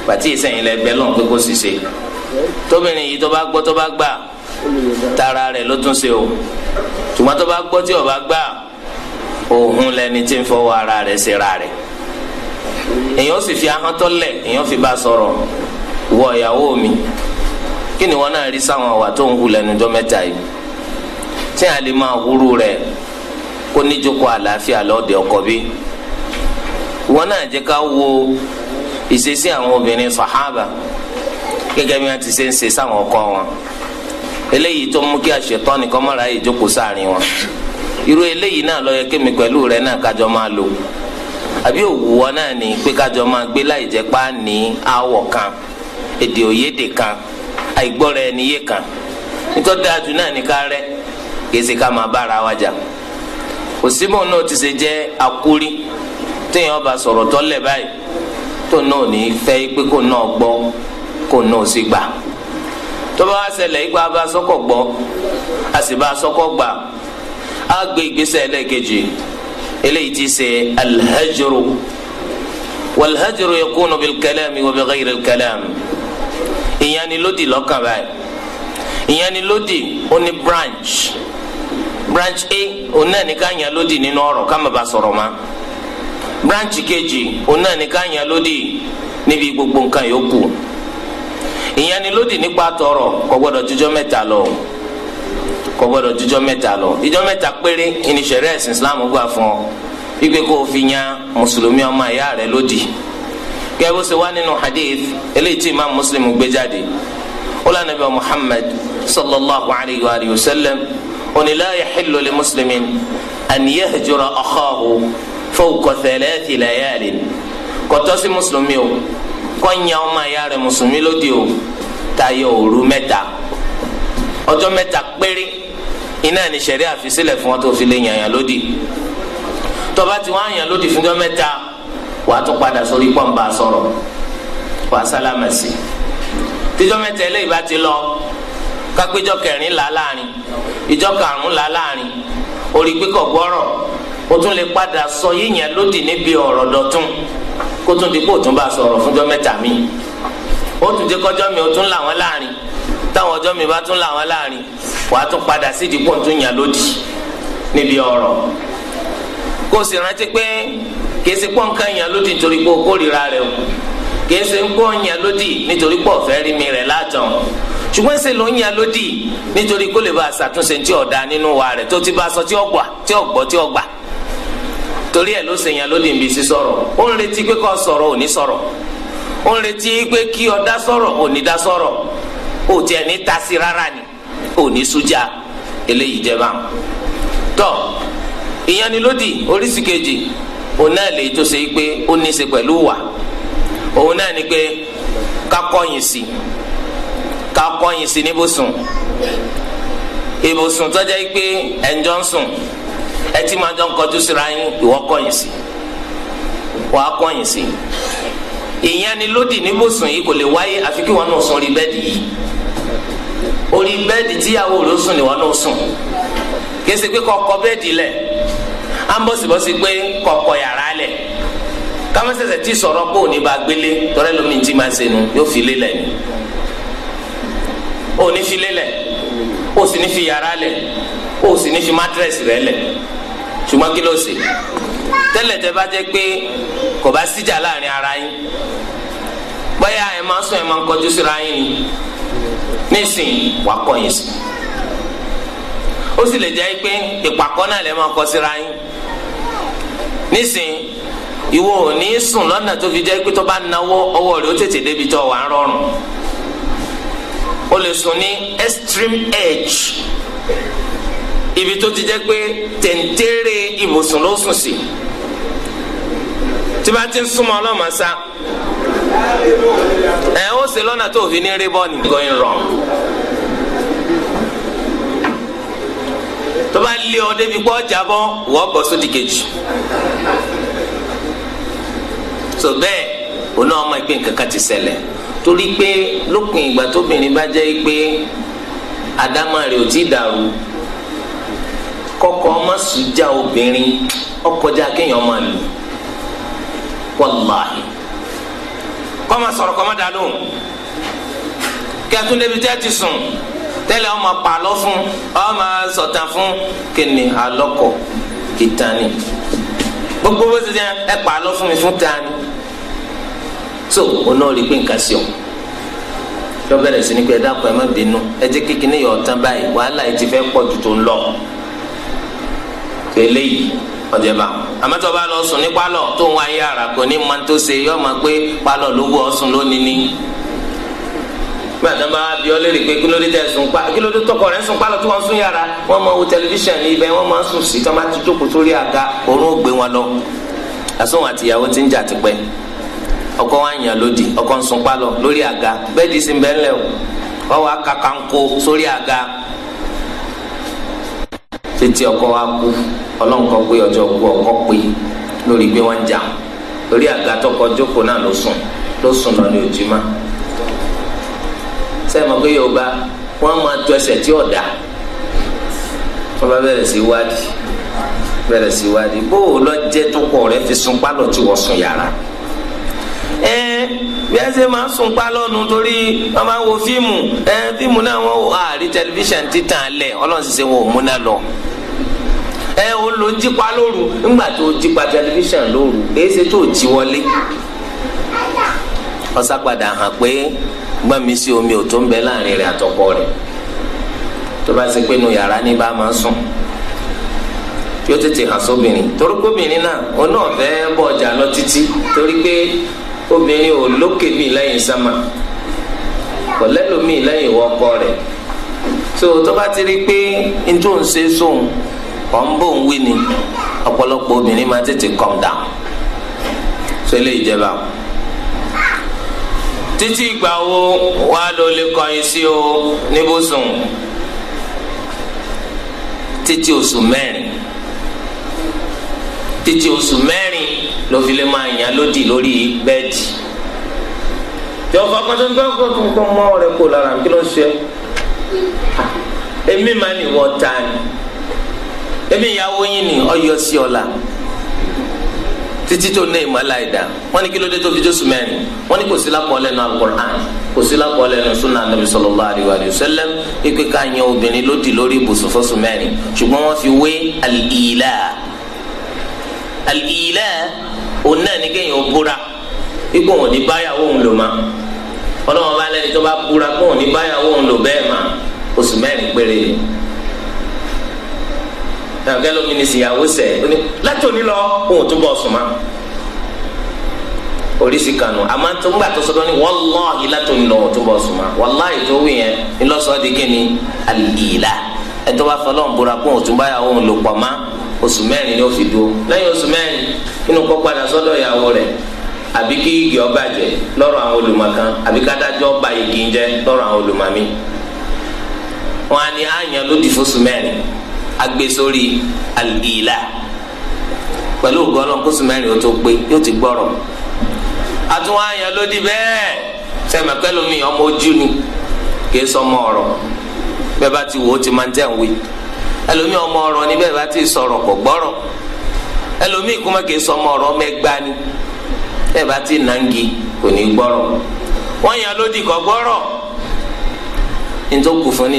pàtí ìsẹ̀yìn lẹ bẹ pé kó sì tóbìnrin yìí tó bá gbọ́ tó bá gbà tara rẹ̀ ló tún ṣe o ṣùgbọ́n tó bá gbọ́ tí ò bá gbà òun lẹni tí ń fọwọ́ ara rẹ̀ ṣe ra rẹ̀ èèyàn sì fi ahọ́n tọ́lẹ̀ èèyàn fi bá sọ̀rọ̀ wọ ìyàwó mi kí ni wọn náà rí sáwọn àwà tó ń hu lẹ́nu jọ mẹ́ta yìí tí a lè máa wúru rẹ̀ kó níjókòó àlàáfíà ọkọ bí wọn náà jẹ́ ká wo ìṣesí àwọn obìnrin sàhábà gẹ́gẹ́ bí wọ́n ti ṣe ń ṣe sáwọn ọkọ wọn eléyìí tó mú kí àṣetọ́ nìkan mọ́ra yìí jókòó sáàrin wọn irú eléyìí rẹ náà kájọ máa lò àbí náà ní pé kájọ máa gbé láì pa ní kan èdè òyédè kan ẹni yé kan nítorí kèsì ká máa bára wa jà kò síbò náà ti ṣe jẹ́ akórí téèyàn bá sọ̀rọ̀ tọ́lẹ̀ báyìí tó náà ní fẹ́ pé kó náà gbọ́ kó náà sì gbà tó bá wá ṣẹlẹ̀ ipa bá sọ́kọ̀ gbọ́ a sì bá sọ́kọ̀ gbà á gbé ìgbésẹ̀ ẹlẹ́ẹ̀kejì eléyìí ti ṣe alhajiru walhajiru yakunu bilkalami wa bighayri alkalami ìyanilódì lọ́kàn báyìí ìyanilódì ó ní branch. branch a òun náà ní ká yàn lódì nínú ma branch kejì òun náà ní ká yàn lódì níbi gbogbo nǹkan yòókù ìyanilódì nípa tọrọ kò gbọdọ̀ jùjọ mẹ́ta lọ kò gbọdọ̀ jùjọ mẹ́ta lọ ìjọ mẹ́ta péré ìníṣẹ̀rẹ́ Islam gbà fún ọ wípé kó nínú hadith eléyìí tí Imam Muslim gbé jáde Muhammad sallallahu alayhi wa sallam. onílà yahillu li muslimin an yahjura akhahu fawqa thalathi layalin kò tọ́ sí mùsùlùmí o kó nya ọmọ ìyá rẹ̀ mùsùlùmí lódì o tayọ òru mẹ́ta ọjọ́ mẹ́ta péré iná ní sẹ̀rí àfisílẹ̀ fún wọn tó fi lè yànyàn lódì tọba tí wọn àyàn lódì fúnjọ́ mẹ́ta wàá tún padà sórí pọ́ǹba sọ̀rọ̀ wàá sálámà sí tíjọ́ mẹ́ta eléyìí bá ti lọ kápéjọ kẹrin là láàrin ìjọ karùn là láàrin orí pípọ̀ gbọ́rọ̀ o tún lè padà sọ yíyan lódì níbi ọ̀rọ̀ dọ̀tún kó tún di kó o tún bá sọ̀rọ̀ fúnjọ́ mẹ́ta mi o tún di kọjọ́ mi o tún là wọ́n láàrin táwọn ọjọ́ mi bá tún là wọ́n láàrin wàá tún padà sí ìdìpọ̀ tún yàn lódì níbi ọ̀rọ̀ kó o sì rántí pé kìí ṣe pọ́ǹkà yàn lódì nítorí pé o kórìíra rẹ o kìí ṣe ń pọ́ǹyàn lódì nítorí pé ọ̀fẹ́ rí mi rẹ̀ látàn ṣùgbọ́n ṣe ló ń yan lódì nítorí kó lè bá aṣàtúnṣe tí ọ̀dà nínú wa rẹ̀ tó ti bá aṣọ tí ọ̀gbà tí ọ̀gbọ́ tí ọ̀gbà torí ẹ̀ ló ṣe yan lódì níbi sísọ̀rọ̀ ó ń retí pé kó sọ̀rọ̀ ò sọ̀rọ̀ ó ń retí pé kí ọ sọ̀rọ̀ ò dá sọ̀rọ̀ ò tiẹ̀ ní tasí rárá ni ò ní sújà eléyìí jẹ́ bá tọ́ ìyanilódì oríṣi kejì òun náà lè tó ṣe pé ó ní í ṣe ká kọ̀yìn sí níbùsùn ìbùsùn tọ́jà yìí pé ẹ̀ńjọ́ ń sùn ẹ ti máa jọ ń kọjú síra yín ìwọ kọ̀yìn sí wàá ìyẹn ni lódì níbùsùn yìí kò lè wáyé àfi kí wọn náà sùn orí bẹ́ẹ̀dì yìí orí bẹ́ẹ̀dì tíyàwó rẹ̀ sùn ni wọn náà sùn kí ẹ ṣe pé kọ́kọ́ bẹ́ẹ̀dì lẹ̀ à ń bọ̀sibọ̀si pé kọ́kọ́ yàrá lẹ̀ kámẹ́sẹ̀sẹ̀ tí sọ̀rọ̀ pé òní bá gbélé tọ́lẹ́ lómi ti máa ṣe nu yóò fi lé lẹ́nu o ní fi lélẹ̀ o sì ní fi yàrá lẹ̀ o sì ní fi mattress rẹ̀ lẹ̀ ṣùgbọ́n kí ló ṣe tẹ́lẹ̀ tẹ́ bá jẹ́ pé kò bá síjà láàrin ara yín bóyá ẹ máa sùn ẹ máa ń kọjú síra yín ni nísìnyí wàá kọ̀yìn sí ó sì lè jẹ́ pé ìpàkọ́ náà lè máa kọ síra yín nísìnyí ìwọ ò ní sùn lọ́nà tó fi jẹ́ pé tó bá náwó ọwọ́ rẹ̀ ó tètè débi tó wà ń rọrùn o lè sùn ní extreme edge ibi tó ti jẹ́ pé tẹ̀ǹtẹ̀rẹ̀ ibùsùn ló sùn sí tí bá ti ń súnmọ́ ọlọ́mọ sá ẹ̀ ó ṣe lọ́nà tó fi ní rí bọ́ọ̀nì going wrong. tó bá lé ọ débi gbọ́ jábọ́ wọ́ bọ́ sódì kejì tó bẹ́ẹ̀ oná ọmọ ìpín kankan ti ṣẹlẹ̀ torí pé lópin ìgbà tóbìnrin bá jẹ́ pé àdámà rẹ̀ ò tí ì dàrú kọ́kọ́ ọmọ sùjà obìnrin ọkọjá kéèyàn máa lù wàláhì kọ́ máa sọ̀rọ̀ kọ́ máa dà lóhùn kẹ́tùndébi tẹ́ ti sùn tẹ́lẹ̀ ọmọ pàlọ́ fún ọmọ sọ̀tàn fún kìnìún alọ́kọ̀ ìtàn gbogbo bó ti jẹ́ ẹ pàlọ́ fún mi fún tani so òun náà rí pé nǹkan sí ọ yọ bẹ̀rẹ̀ sí ni pé ẹ dákun ẹ má bínú ẹ jẹ́ kékeré yọ ọ̀tán báyìí wàhálà yìí ti fẹ́ pọ̀ ju tó ń lọ eléyìí ọ̀jẹ̀bà àmọ́tọ́ bá lọ sùn ní pálọ̀ tó ń wá yàrá kò ní máa tó ṣe yọ máa pé pálọ̀ ló wọ ọ̀sùn lónìí ni gbàdán bá bí ọ lérè pé kílódé tẹ sùn pa kílódé tọkọ rẹ sùn pálọ̀ tí wọ́n sùn yàrá wọ́n máa wo tẹlifíṣàn ní ibẹ̀ wọ́n máa sùn sí tọ́ máa ti jókòó sórí àga òórùn ó wọn lọ àsùnwọ̀n àtìyàwó ti ń jà tipẹ́ ọkọ wa yàn lódì ọkọ lórí àga bẹ́ẹ̀ di sin lẹ o wọn kakanko sórí àga títí ọkọ wa kú ọlọ́nkọ pé ọjọ́ kú ọkọ pé lórí gbé wọn jà lórí àga tọkọ jókòó náà ló sùn ló sùn lọ ní sẹ́yìn pé yorùbá wọ́n máa ọ̀dà wọ́n bá bẹ̀rẹ̀ sí wádìí bẹ̀rẹ̀ sí wádìí lọ jẹ́ tó kọ̀ rẹ fi ee bí ẹ ṣe máa ń sùn pa lọ́nu torí wọ́n máa ń wo fíìmù ẹ fíìmù náà wọ́n wò àrí tẹlifíṣàn títàn lẹ̀ ọlọ́run sì ṣe wọn ò múná lọ ẹ o ló ń jípa lóru ńgbà tó jípa tẹlifíṣàn lóru èyí ṣe tó jí wọlé hàn pé gbọ́nmi sí omi ò tó ń bẹ láàrin rẹ̀ àtọkọ rẹ̀ tó bá ṣe pé inú yàrá bá máa ń sùn yóò tètè hàn sóbìnrin torí kóbìnrin náà òun náà fẹ́ bọ̀ ọjà obìnrin ò lókè mi lẹ́yìn sámà kò lẹ́lòmíì lẹ́yìn ìwọ ọkọ rẹ̀ so tó bá ti rí i pé n tó ń ṣe sóun ọ̀ ń bò ń wí ni ọ̀pọ̀lọpọ̀ obìnrin máa tètè calm down so ilé ìjẹba títí ìgbà wo wà ló lè kọ̀yìn sí o níbùsùn títí oṣù mẹ́rin títí oṣù mẹ́rin ló fi lè máa yàn lódì lórí bẹ́ẹ̀dì tí ọ̀fọ̀ akọ́tọ́ nígbà kó tó kó mọ́ ọ̀rẹ́ kó lára kí ló ń ṣe ah, èmi máa ní wọ́n ta ni èmi ìyàwó yín ni ọyọ sí ọ̀la títí tó ní ìmọ̀lá ẹ̀dá wọ́n ní kí ló dé tó fi jósù mẹ́rin wọ́n ní kò sí lápọ̀ọ́lẹ̀ nù alukur'an kò sí lápọ̀ọ́lẹ̀ nù sunna anabi sallallahu alayhi wa sallam ipe ká yan obìnrin lódì lórí ibùsùn fọ́sùn mẹ́rin ṣùgbọ́n wọ́n fi wé al-ila òun náà ní kéèyàn búra ipò òun ní báyàwó òun lò má ọlọ́wọ́n bá lẹ́ni tó bá búra pé òun ní báyàwó òun lò bẹ́ẹ̀ má oṣù mẹ́rin péré ni nàgẹ́ lómi ní ìyàwó sẹ̀ ẹ́ láti òní lọ òun tó bọ̀ ọ̀sùn má oríṣi kanu àmọ́ tó ń gbà tó sọ́dọ́ ni wàláhì láti òní lọ òun tó bọ̀ ọ̀sùn má wàláhì tó wù yẹn ńlọ́sọ̀ọ́ di kí ni àlìlá ẹ̀ tó bá fọlọ́ ń búra pé òun tó báyàwó òun oṣù mẹ́rin ni ó fi dúró lẹ́yìn oṣù mẹ́rin nínú kó padà sọ́dọ̀ ìyàwó rẹ̀ àbí kí igi ó bàjẹ́ lọ́rọ̀ àwọn olùmọ̀kan àbí kádájọ́ ba igi ń jẹ́ lọ́rọ̀ àwọn olùmọ̀mí. wọn á ní àyàn lódì fóṣù mẹ́rin agbé sórí àlìlà pẹ̀lú ògbọ́nà kóṣù mẹ́rin ó tó pé yóò ti gbọ́rọ̀ àtúwọ̀n àyàn lódì bẹ́ẹ̀ sẹ́mi pẹ́lú mi ọmọ ojú ni kì í sọ ọmọ ọ̀rọ̀ bẹ́ẹ̀ bá ti wò ó ti máa ń tẹ̀ ń wí. ẹlòmíì ọmọ ọ̀rọ̀ ni bá ti sọ̀rọ̀ kò gbọ́rọ̀ ẹlòmíì kó má kì sọ ọmọ ọ̀rọ̀ mẹgbani bẹ́ẹ̀ bá ti nàngi kò ní gbọ́rọ̀ yàn lódì kò gbọ́rọ̀ nítòkù fún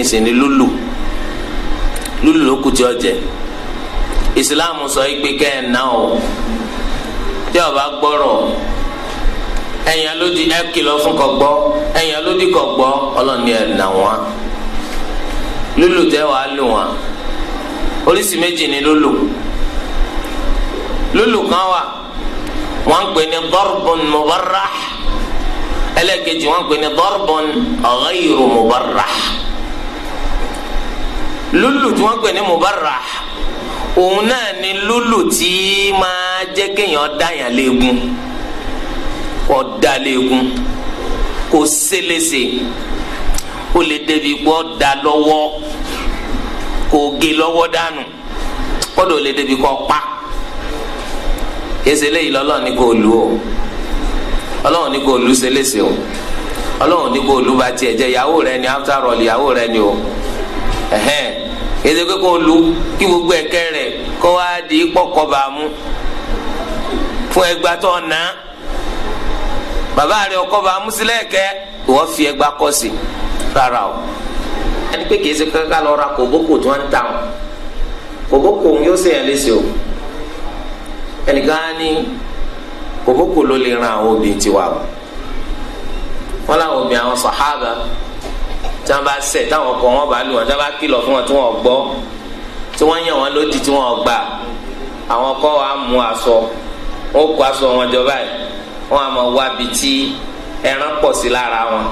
lulu ló kù tí ó jẹ sọ o tí ọba gbọ́rọ̀ ẹ̀yàn lódì ẹ̀ kìlọ̀ fún kò gbọ́ ẹ̀yàn lódì kò gbọ́ ọlọ́ni ẹ̀ nà wọ́n lulu tẹ́ wàá lù wọ́n. oríṣi méjì ni lulu lulu kan wà wọ́n ń pè ní darbun mubarrah ẹlẹ́kejì wọ́n ń pè ní darbun ghayru mubarrah lulu tí wọ́n ń pè ní mubarrah òun náà ni lulu tí máa jẹ́ kéèyàn dáyàn léegun kọ́ da léegun kò sélese ó lè débi gbọ́ da lọ́wọ́. oge gé dànù kọ́dọ̀ lè débi kọ́ pa ní kò o ọlọrun ní kò lù bá rẹ ni after all o ẹ̀hẹ́n yéésì pé kò lù kí gbogbo ẹ̀kẹ́ rẹ wá di pọ̀kọ́ bá fún ẹgbà tó bàbá rẹ bá sílẹ̀ o. ẹni pé kìí ṣe kankan lọ ra kòbókò tí wọ́n ń ta wọn kòbókò ń yóò ṣèyàn léṣe o ẹnìkan á ní kòbókò ló lè ran àwọn obìnrin tiwa o wọn làwọn obìnrin àwọn sàhábà tí wọ́n bá ṣẹ̀ táwọn ọkọ wọn bá lù wọn tí wọ́n bá kìlọ̀ fún wọn tí wọ́n gbọ́ tí wọ́n yàn wọn lódì tí wọ́n gbà àwọn ọkọ wa mú aṣọ wọn kó aṣọ wọn jọ báyìí wọn àmọ́ wábi tí ẹran pọ̀ sí lára wọn.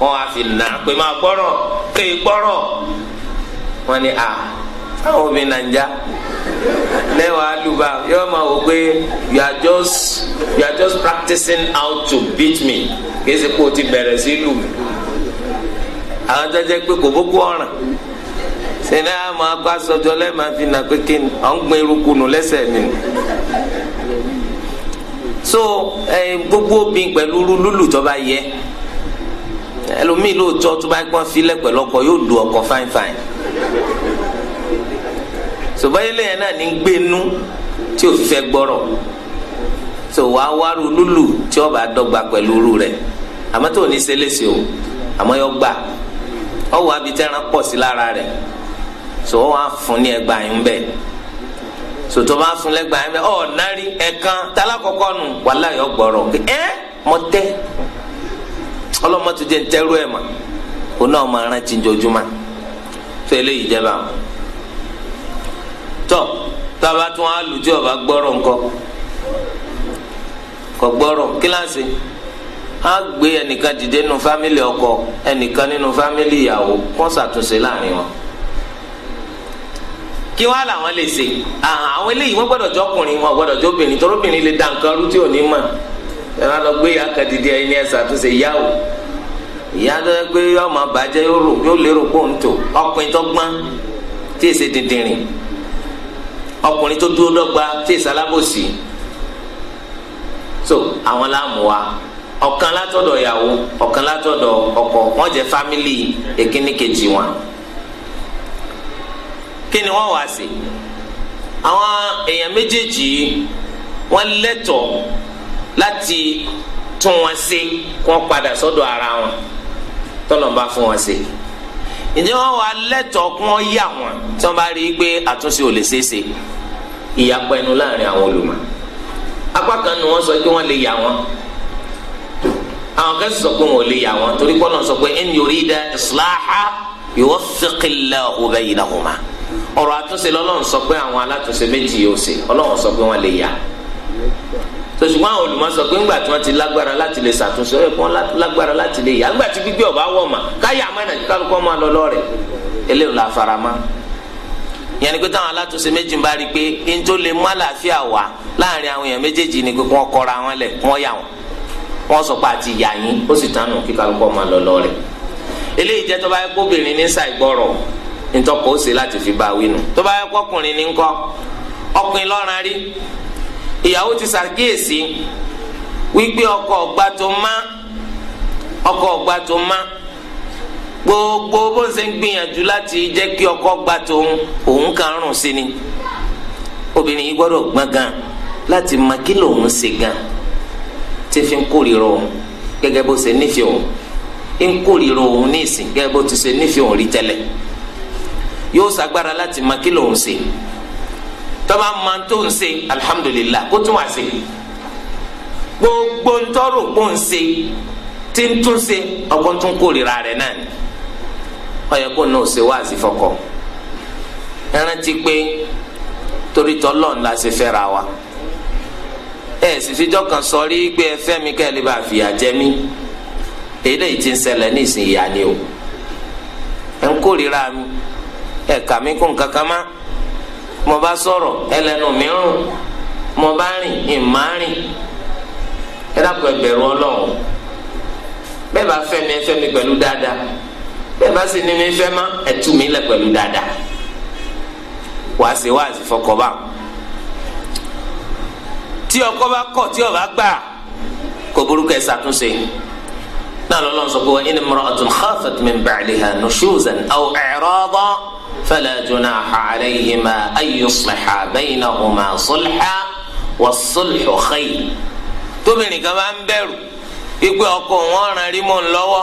wọn a fi nà pé máa gbọ́rọ̀ pé gbọ́rọ̀ wọn ni a, táwọn obìnrin nàìjà yóò máa wò pé you are just you are just practicing how to beat me kì í ṣe pé o ti bẹ̀rẹ̀ sí lù mí àwọn tó jẹ́ pé kò bókú ọ̀ràn sẹ́ni àmọ́ agbásọjọ́ fi nà pé kí ni ń gbin so gbogbo obìnrin pẹ̀lú lúlù tó bá yẹ. ẹlòmíì lóòótọ́ tó bá gbọ́n filẹ̀ pẹ̀lú ọkọ yóò lu ọkọ fáìfáì sọ̀báyélé yẹn náà ní gbénú tí ò fi fẹ́ gbọ́rọ̀ tó wàá wárú lúlù tí ó bá dọ́gba pẹ̀lú irú rẹ̀ àmọ́ tó ní sẹ́lẹ̀sì o àmọ́ yọ gbà ọwọ́ abitẹ́ran pọ̀ sí lára rẹ̀ tó wọ́n á fún ní ẹgbà yín bẹ́ẹ̀ sòtò bá fún lẹ́gbà yín bẹ́ẹ̀ ọ̀ nárí ẹ̀kan tálákọ̀ọ́kọ́ nù wàhálà gbọ́rọ̀ ẹ́ mọ́tẹ́ ọlọ́mọ tó jẹ́ ń tẹ́rù ẹ̀ mà ó náà máa rántí jojúmọ́ tó eléyìí jẹba àwọn. tọ́ tába tún á lù tí ọba gbọ́rọ̀ ńkọ́ kọ gbọ́rọ̀ kíláàsì á gbé ẹnìkan dìde nínú fámìlì ọkọ ẹnìkan nínú fámìlì ìyàwó kó ṣàtúnṣe láàrin wọn kí wọn làwọn lè ṣe àwọn eléyìí wọn gbọ́dọ̀ jọkùnrin wọn gbọ́dọ̀ jọbìnrin torobìnrin lè dá nǹkan rú tí ò ní mọ̀ ẹ wá lọ gbé ìyá kan dìde ẹyin ẹ ṣàtúnṣe ìyá o ìyá tó yẹ pé yóò máa bàjẹ́ yóò lérò pò ń tò ọkùnrin tó gbọ́n tí èsè dìndìnrìn ọkùnrin tó dúró dọ́gba tí èsè alábòsí so àwọn láàmú wa ọ̀kan látọ̀dọ̀ ìyàwó ọ̀kan látọ̀dọ̀ ọkọ wọ́n jẹ́ fámìlì èkíní kejì wọn kí ni wọ́n wá sí àwọn èèyàn méjèèjì wọ́n lẹ́tọ̀ọ́ láti tún wọn ṣe kó wọn padà sọ́dọ̀ ara wọn tọ́lọ̀ ń bá fún wọn ṣe ǹjẹ́ wọn wà lẹ́tọ̀ọ́ kí wọ́n yà wọn tí wọ́n bá rí i pé àtúnṣe ò lè ṣeé ṣe ìyapa ẹnu láàrin àwọn olùmọ̀ apá kan nu wọn sọ pé wọ́n lè yà wọn àwọn kan sọ pé wọn ò lè yà wọn torí pé wọn sọ pé in yurida islaha yuwaffiqillahu baynahuma ọ̀rọ̀ àtúnṣe lọ́lọ́run sọ pé àwọn alátúnṣe méjì yóò ṣe ọlọ́run sọ pé wọ́n lè yà wọn so ṣùgbọ́n àwọn olùmọ̀ sọ pé ńgbà tí wọ́n ti lágbára láti lè ṣàtúnṣe ọ̀rẹ́ kí wọ́n lágbára láti lè yà ńgbà tí gbígbé ọ̀bá wọ̀ mà káyà àmọ́nà kí kálukọ́ máa lọ lọ́ọ̀rẹ́ eléyìí la fara mọ́ yẹn ni pé táwọn alátúnṣe méjì ń bá rí i pé n tó lè mú àlàáfíà wá láàrin àwọn èèyàn méjèèjì ni pé kí wọ́n kọra wọn lẹ̀ wọ́n yà wọn wọ́n sọ pé àti ìyá yín ó ìyàwó ti ṣàkíyèsí wípé ọkọ ọgbà tó má ọkọ ọgbà tó má gbogbo bó ń ṣe ń gbìyànjú láti jẹ́ kí ọkọ gbà tó òun kan rùn sí ni obìnrin yìí gbọ́dọ̀ gbọ́n gan láti mọ kí lòun ṣe gan tí fi ń kórìíra òun gẹ́gẹ́ bó ṣe nífẹ̀ẹ́ òun ń kórìíra òun ní ìsìn gẹ́gẹ́ bó ti ṣe nífẹ̀ẹ́ òun rí tẹ́lẹ̀ yóò ṣagbára láti mọ kí lòun ṣe tọ́ba máa ń tó ń se alihamudulilayi kó tún wá ṣe gbogbo ntọ́rọ̀ kó ń se tí ń tún ṣe ọgbọ́n tún kórìíra rẹ̀ náà ni ọyẹ kó náà ṣe wá sí fọkọ rántí pé torí tọ́lọ́ ńlá ṣe fẹ́ ra wa ẹ sì fijọ́ kan sọ pé ẹ fẹ́ mi kẹ́lẹ́ bá fìyà jẹ mí eléyìí ti ń ṣẹlẹ̀ ní ìsìn ìyá ni o ẹ ń kórìíra mi ẹ kà mí kún kankan máa mo bá sọ̀rọ̀ ẹlẹ́nu mìíràn mo bá rìn ìmárìn ẹ dákun ẹ bẹ̀rù Ọlọ́run bẹ́ẹ̀ bá fẹ́ mi ẹ fẹ́ mi pẹ̀lú dáadáa bẹ́ẹ̀ bá sì ní mi fẹ́ má ẹ tú mi lẹ̀ pẹ̀lú dáadáa wàá ṣe wáàsí fọkọ bá tí ọkọ bá kọ̀ tí ọba gbà kò burúkú ẹ ṣàtúnṣe náà lọ́lọ́run sọ pé wa in imra'atun khafat min ba'liha nushuzan aw i'radan. فلا جناح عليهما أن يصلحا بينهما صلحا والصلح خير tóbìnrin kan bá ń bẹ̀rù wípé ọkọ òun ọ̀ràn rí mò ń lọ́wọ́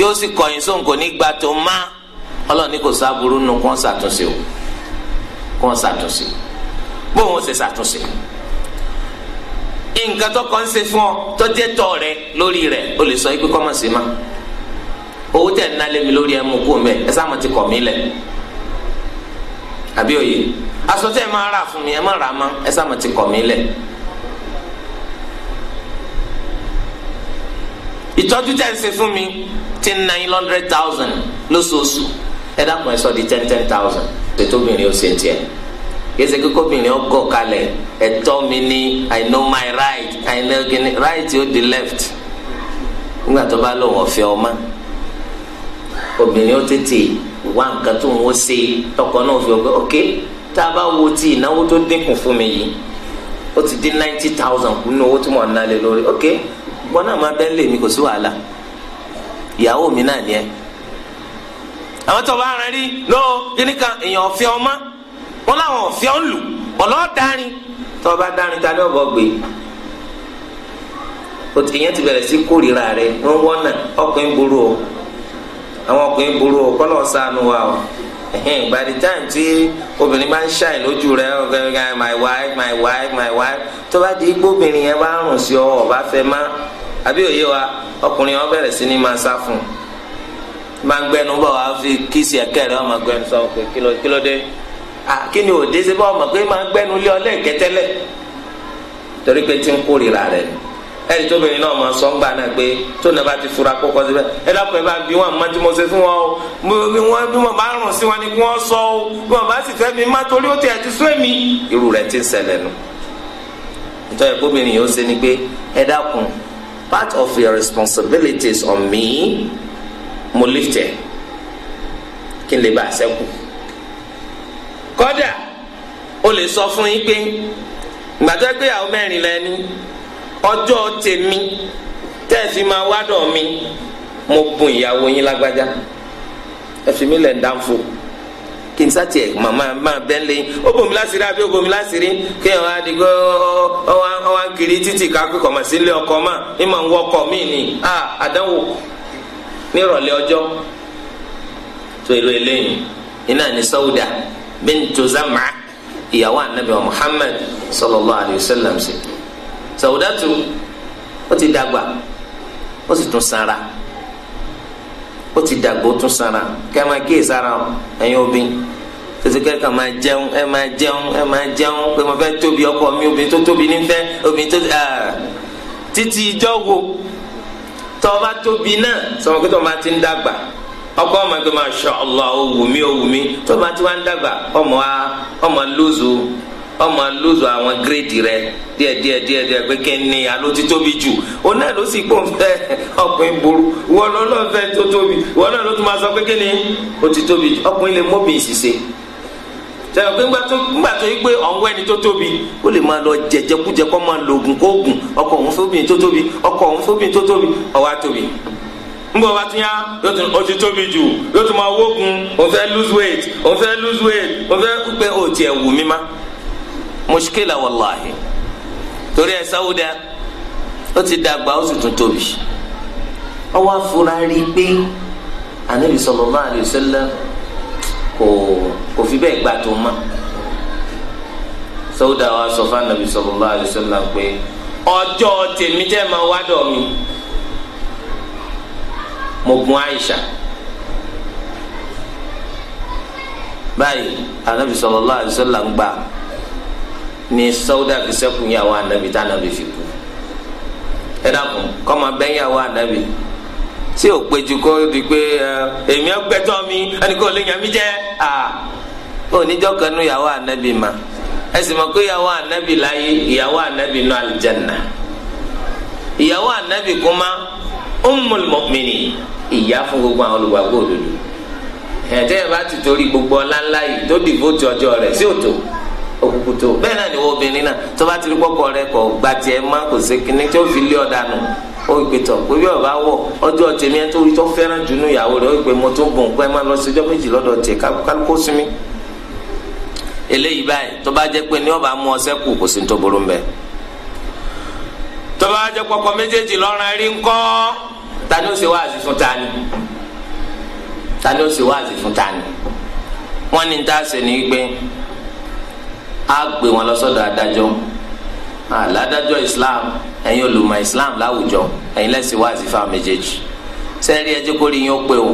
yóò sì kọ̀yìn sóhun kò ní gba tó má ọlọ́ọ̀ni kò sábúrú nu kó ń ṣàtúnṣe o kó ń ṣàtúnṣe bóun ó ṣe ṣàtúnṣe nǹkan tó kọ́ ń ṣe fún ọ tó jẹ́ tọ́ rẹ lórí rẹ o lè sọ wípé kọ́ sí ma owó tẹ̀ ń nálé mi lórí ẹ̀ mú kú ẹ sáà mo ti kọ̀ mí lẹ̀. àbí òye aṣọ tẹ́ ẹ máa rà fún mi ẹ má rà á mọ́ ẹ sáàmù ti kọ̀ mí lẹ̀. ìtọ́jú tẹ́ ń ṣe fún mi ti nine hundred thousand lóṣooṣù ẹ dákun ẹ sọ di ten ten thousand ètò obìnrin ó ṣe tiẹ̀ yẹsẹ kíkọ obìnrin ọgọ kalẹ̀ ẹ̀tọ́ mi ni i know my right i know gini right yóò di left nígbà tó bá lọ wọn fẹ́ ọmọ obìnrin ó tètè wá nǹkan tó ń wọ́n ṣe tọkọ náà fi ọgbẹ́ ok tá a bá wo ti ìnáwó tó dínkù fún mi yìí ó ti dín ninety thousand kún ní owó tí mo ń nalẹ̀ lórí ok wọn náà máa bẹ́ẹ̀ lè mi kò sí wàhálà ìyàwó mi náà ni ẹ. àwọn tó bá rẹ rí ló kíní kan èèyàn ọ̀fẹ́ ọmọ wọn làwọn ọ̀fẹ́ ń lù ọlọ́ọ̀darin tó bá darin ta ní ọ̀bọ̀ gbé èèyàn ti bẹ̀rẹ̀ sí kórìíra rẹ wọ́n wọ́n náà ọkùnrin burú o àwọn ọkùnrin burú o kọ́ sànù wa o by the time tí obìnrin bá ń ṣàì lójú rẹ my wife my wife my wife tó bá di ipò obìnrin yẹn bá rùn sí ọ ọba fẹ́ má àbí òye wa ọkùnrin yẹn bẹ̀rẹ̀ sí ni máa sá fún un máa ń gbẹnu bọ̀ wá fi kíìsì ẹ̀kẹ́ rẹ ọmọ gbẹnu sọ pé kí ló dé ah, kí ni òde ṣe bá ọmọ pé máa ń gbẹnu lé ọ lẹ́ẹ̀kẹ́tẹ́lẹ̀ torí pé tí ń kórìíra rẹ ni ẹni tó obìnrin náà mọ sọ́ngbà náà pé tó náà bá ti fura kókó síbẹ̀ ẹ dákun ẹ bá bí wọn mọ tí mo ṣe fún wọn o bí wọn bí wọn bá rùn sí wọn ni kí wọn sọ o bí wọn bá sì fẹ́ mi má torí ó ti ẹ̀ ti sún èmi. irú rẹ̀ ti ń ṣẹlẹ̀ nu nítorí gómìnrin yóò ṣe ni pé ẹ dákun part of your responsibilities on me mo lift ẹ kí n lè bá a ṣẹ́kù kọ́dà o lè sọ fún yín pé ìgbà tó ẹ gbéyàwó mẹ́rin lẹ́ni. ọjọ́ tèmi fi máa wádọ̀ mi mo bùn ìyàwó yín lágbájá mi lẹ̀ ń dáńfò kí n sátì ẹ̀ màmá máa bẹ́ẹ̀ lé ó bòmí láṣìírí àbí ó láṣìírí kí ẹ̀ wá digbó ń kiri títì kákó kọ̀mọ̀ sí ọkọ̀ mà ní ń wọkọ̀ mí ni àdánwò nírọ̀lẹ́ ọjọ́ tó èrò iná bintu ìyàwó anabi Muhammad sallallahu alayhi wa sallam sàwùdàtù o ti dàgbà o sì tún sanra ó ti dàgbà ó tún sanra kí a máa kíyè sára o ẹ̀yin obìnrin tètè kẹ́kọ̀ọ́ máa jẹun ẹ máa jẹun ẹ máa jẹun pé mo fẹ́ tóbi ọkọ mi obìnrin tó tóbi nífẹ̀ẹ́ obìnrin tó títí ìjọ wo tọ́ ọ bá tóbi náà sọ̀rọ̀ pé tọ́ ọ bá ti ń dàgbà ọkọ ọmọ ẹgbẹ́ máa ṣọ ọlọ́ òwú mi òwú mi tọ́ ọ bá ti wá ń dàgbà ọmọ wa ọmọ lóòzó ọmọ lóso àwọn gírèdì rẹ díẹ̀ díẹ̀ díẹ̀ pé ní alo ti tóbi jù òun náà ló sì pọ̀ fẹ́ ọkùnrin burú wọ́n lọ lọ́ọ́ fẹ́ tó tóbi wọ́n náà ló tún máa sọ pé ti tóbi jù ọkùnrin lè pé tó yí pé ni tó tóbi ó lè máa lọ jẹjẹkújẹ kó máa lo oògùn kóògùn ọkọ òun fóbìnrin tó tóbi ọkọ òun fóbìnrin tó tóbi ọwọ́ yá o ti tóbi jù máa wógun lose weight mushkila wàláhi torí ẹ sáwùdà ó ti dàgbà ó sì tún tóbi ó wá fura rí i pé anabi sallallahu alaihi wasallam kò kò fi bẹ́ẹ̀ gbà tó mọ́ sáwùdà wa sọ fún anabi sallallahu alaihi pé ọjọ́ tèmi tẹ́ máa wá dọ̀ mi mo gun Aisha báyìí anabi sallallahu alaihi wasallam gbà ni sawuda fi ṣẹ́kù ìyàwó anabi tá anabi fi kú ẹ dàkún kọ́mọ bẹ́ẹ̀ ìyàwó anabi tí ò péjú kó di pé èmi ọgbẹ́tọ́ mi ẹni kò lè yàn mí jẹ́ à oníjọ́ anabi ma ẹ sì mọ̀ pé ìyàwó anabi láyé ìyàwó anabi nù alìjẹ́nà ìyàwó anabi kuma ummul mu'mini ìyá fún gbogbo àwọn olùgbàgbọ́ òdodo ẹ̀ẹ́dẹ́gbẹ́ bá ti torí gbogbo ọlá ńlá yìí tó dìbò tí ọjọ́ rẹ̀ sí òtò. òkùnkù tó bẹ́ẹ̀ náà ni wọ́n obìnrin náà tó bá ti rí kọ́kọ́ rẹ kọ́ gba tiẹ̀ má kò sí kíní tí ó fi lé ọ̀dà nù ó gbé tọ̀ pé bí ọba wọ̀ ọjọ́ tèmi ẹ̀ tó rí tó jù nù ìyàwó ó gbé mo tó gùn pé má lọ síjọ́ méjì lọ́dọ̀ tẹ̀ kálukó sinmi. eléyìí báyìí tó bá jẹ́ pé ní ọba mú kù kò sí á gbé wọn lọ sọ́dọ̀ adájọ́ islam ẹ̀yin olùmọ̀ islam láwùjọ ẹ̀yin lẹ́sìn wá àzífà méjèèjì sẹ́ẹ̀rí ẹjẹ́ kórìí yín ó pé o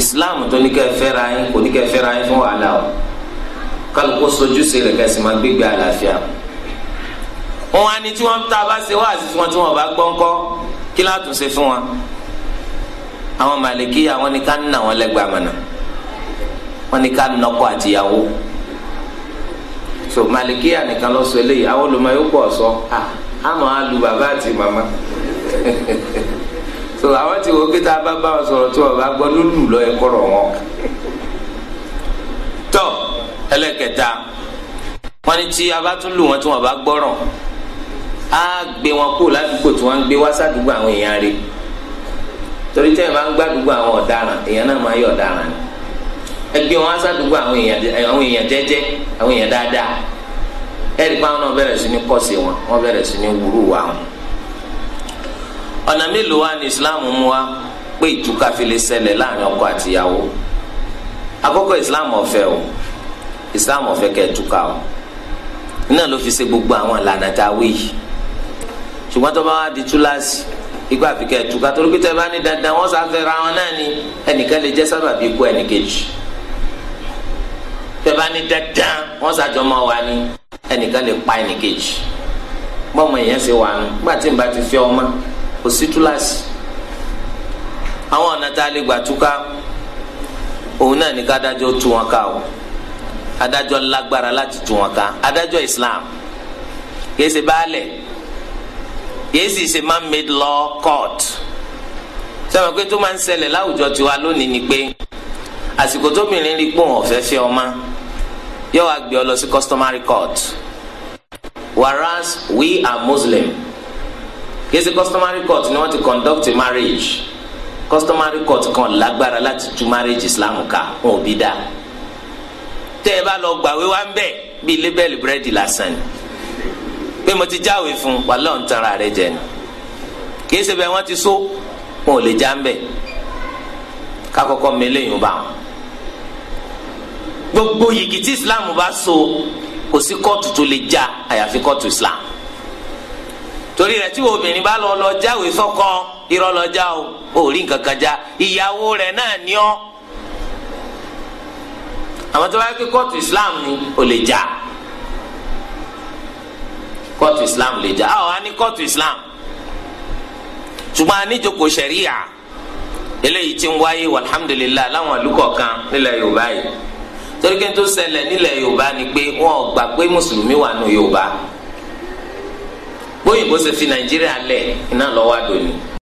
islam tó ní kẹ́ fẹ́ra yín kò ní kẹ́ fẹ́ra yín fún wàhálà o kálukú sojú sí rẹ̀ kẹ́sì máa gbégbé àlàáfíà wọn á ní tí wọn tá a bá ṣe wáàsí fún wọn tí wọn bá gbọ́ ńkọ́ kí látún ṣe fún wọn àwọn màlìkí àwọn ní ká nà wọn lẹ́gbàá mọ̀nà wọn ní ká nọkọ àtìyàwó so malikiya nìkan lọ sọ eléyìí àwọn olùmọ̀ yòókù ọsọ àmọ́ alu bàbá àti màmá [laughs] so àwọn ti wo kíta bá bá wọn tí wọ́n bá gbọ lólu lọ ẹ kọrọ wọn. tọ ẹlẹ́kẹta wọn ni tí a bá tún lù wọn tí wọ́n bá gbọ́ràn á gbé wọn kú ládùúgbò tí wọ́n gbé wá sádùúgbò àwọn èèyàn torí tẹ́ máa ń gbádùúgbò àwọn ọ̀daràn èèyàn náà máa yọ ọ̀daràn ẹgbẹ́ wọn aṣàdúgbò àwọn èèyàn àwọn èèyàn jẹ́jẹ́ àwọn èèyàn dáadáa ẹ̀rí pa wọn bẹ̀rẹ̀ sí ní kọ́sì wọn wọn bẹ̀rẹ̀ sí ní wúrú wa wọn. ọ̀nà mélòó wa ni Islam mú wa pé ìtúká fi lè ṣẹlẹ̀ láàrin ọkọ àtìyàwó àkọ́kọ́ Islam ò o Islam ò fẹ́ kẹ́ ìtúká o náà ló fi ṣe gbogbo àwọn ìlànà tá a wí yìí ṣùgbọ́n tó bá wá di túláàsì igbá àfikẹ́ ìtúká torí pé tẹ́ bá ní dandan wọ́n sáfẹ́ ra wọn náà ni ẹnìkan lè jẹ́ sábàbí ikú ẹnìkejì tẹ́bá ní dandan wọ́n ṣàjọ máa wà ní ẹnìkan lè pa ẹnìkejì bọ́ọ̀mù èèyàn ṣe wà nù gbà tí n bá ti fẹ́ ọmọ kò sí túláàsì àwọn ọ̀nà tá a lè gbà túká òun náà ní ká adájọ́ tú wọn ká o adájọ́ lágbára láti tú wọn ká adájọ́ Islam kìí ṣe baálẹ̀ kìí sì ṣe man-made law court sọ́wọ́n pé tó máa ń ṣẹlẹ̀ láwùjọ tiwa lónìí ni pé àsìkò tóbìnrin rí pòun ọ̀fẹ́ fẹ́ ọmọ yóò wá gbé ọ lọ sí customary court whereas we are muslim kìí ṣe customary court ni wọ́n ti conduct a marriage customary court kan lágbára láti tú marriage islam ká wọn ò bí dáa tẹ́ ẹ bá lọ gbàwé wá ń bẹ̀ bíi label búrẹ́dì lásán ni pé mo ti jáwé fún wà lọ́n tanra rẹ jẹ ni kìí ṣe bẹ́ẹ̀ wọ́n ti so wọn ò lè já ń bẹ̀ ká kọ́kọ́ mi léyìn bá wọn gbogbo yìgì tí islam bá so kò sí kóòtù tó lè já àyàfi kóòtù islam torí rẹ̀ tí obìnrin bá lọ lọ jáwèé sọ́kọ irọ́ lọ já o ò rí nǹkan kan já ìyàwó rẹ̀ náà ní ọ́ àwọn tó bá yẹ kí kóòtù islam ni ò lè já kóòtù islam lè já àwọn á ní kóòtù islam ṣùgbọ́n a ní jókòó ṣẹ̀ríyà eléyìí tí ń wáyé alhamdulillah láwọn àlùkò kan nílẹ̀ yorùbá yìí torí kí n tó ṣẹlẹ̀ nílẹ̀ yorùbá ni pé wọn gbà pé mùsùlùmí wà nù yorùbá bóyìnbó ṣe fi nàìjíríà lẹ̀ iná lọ́wọ́ àdóni.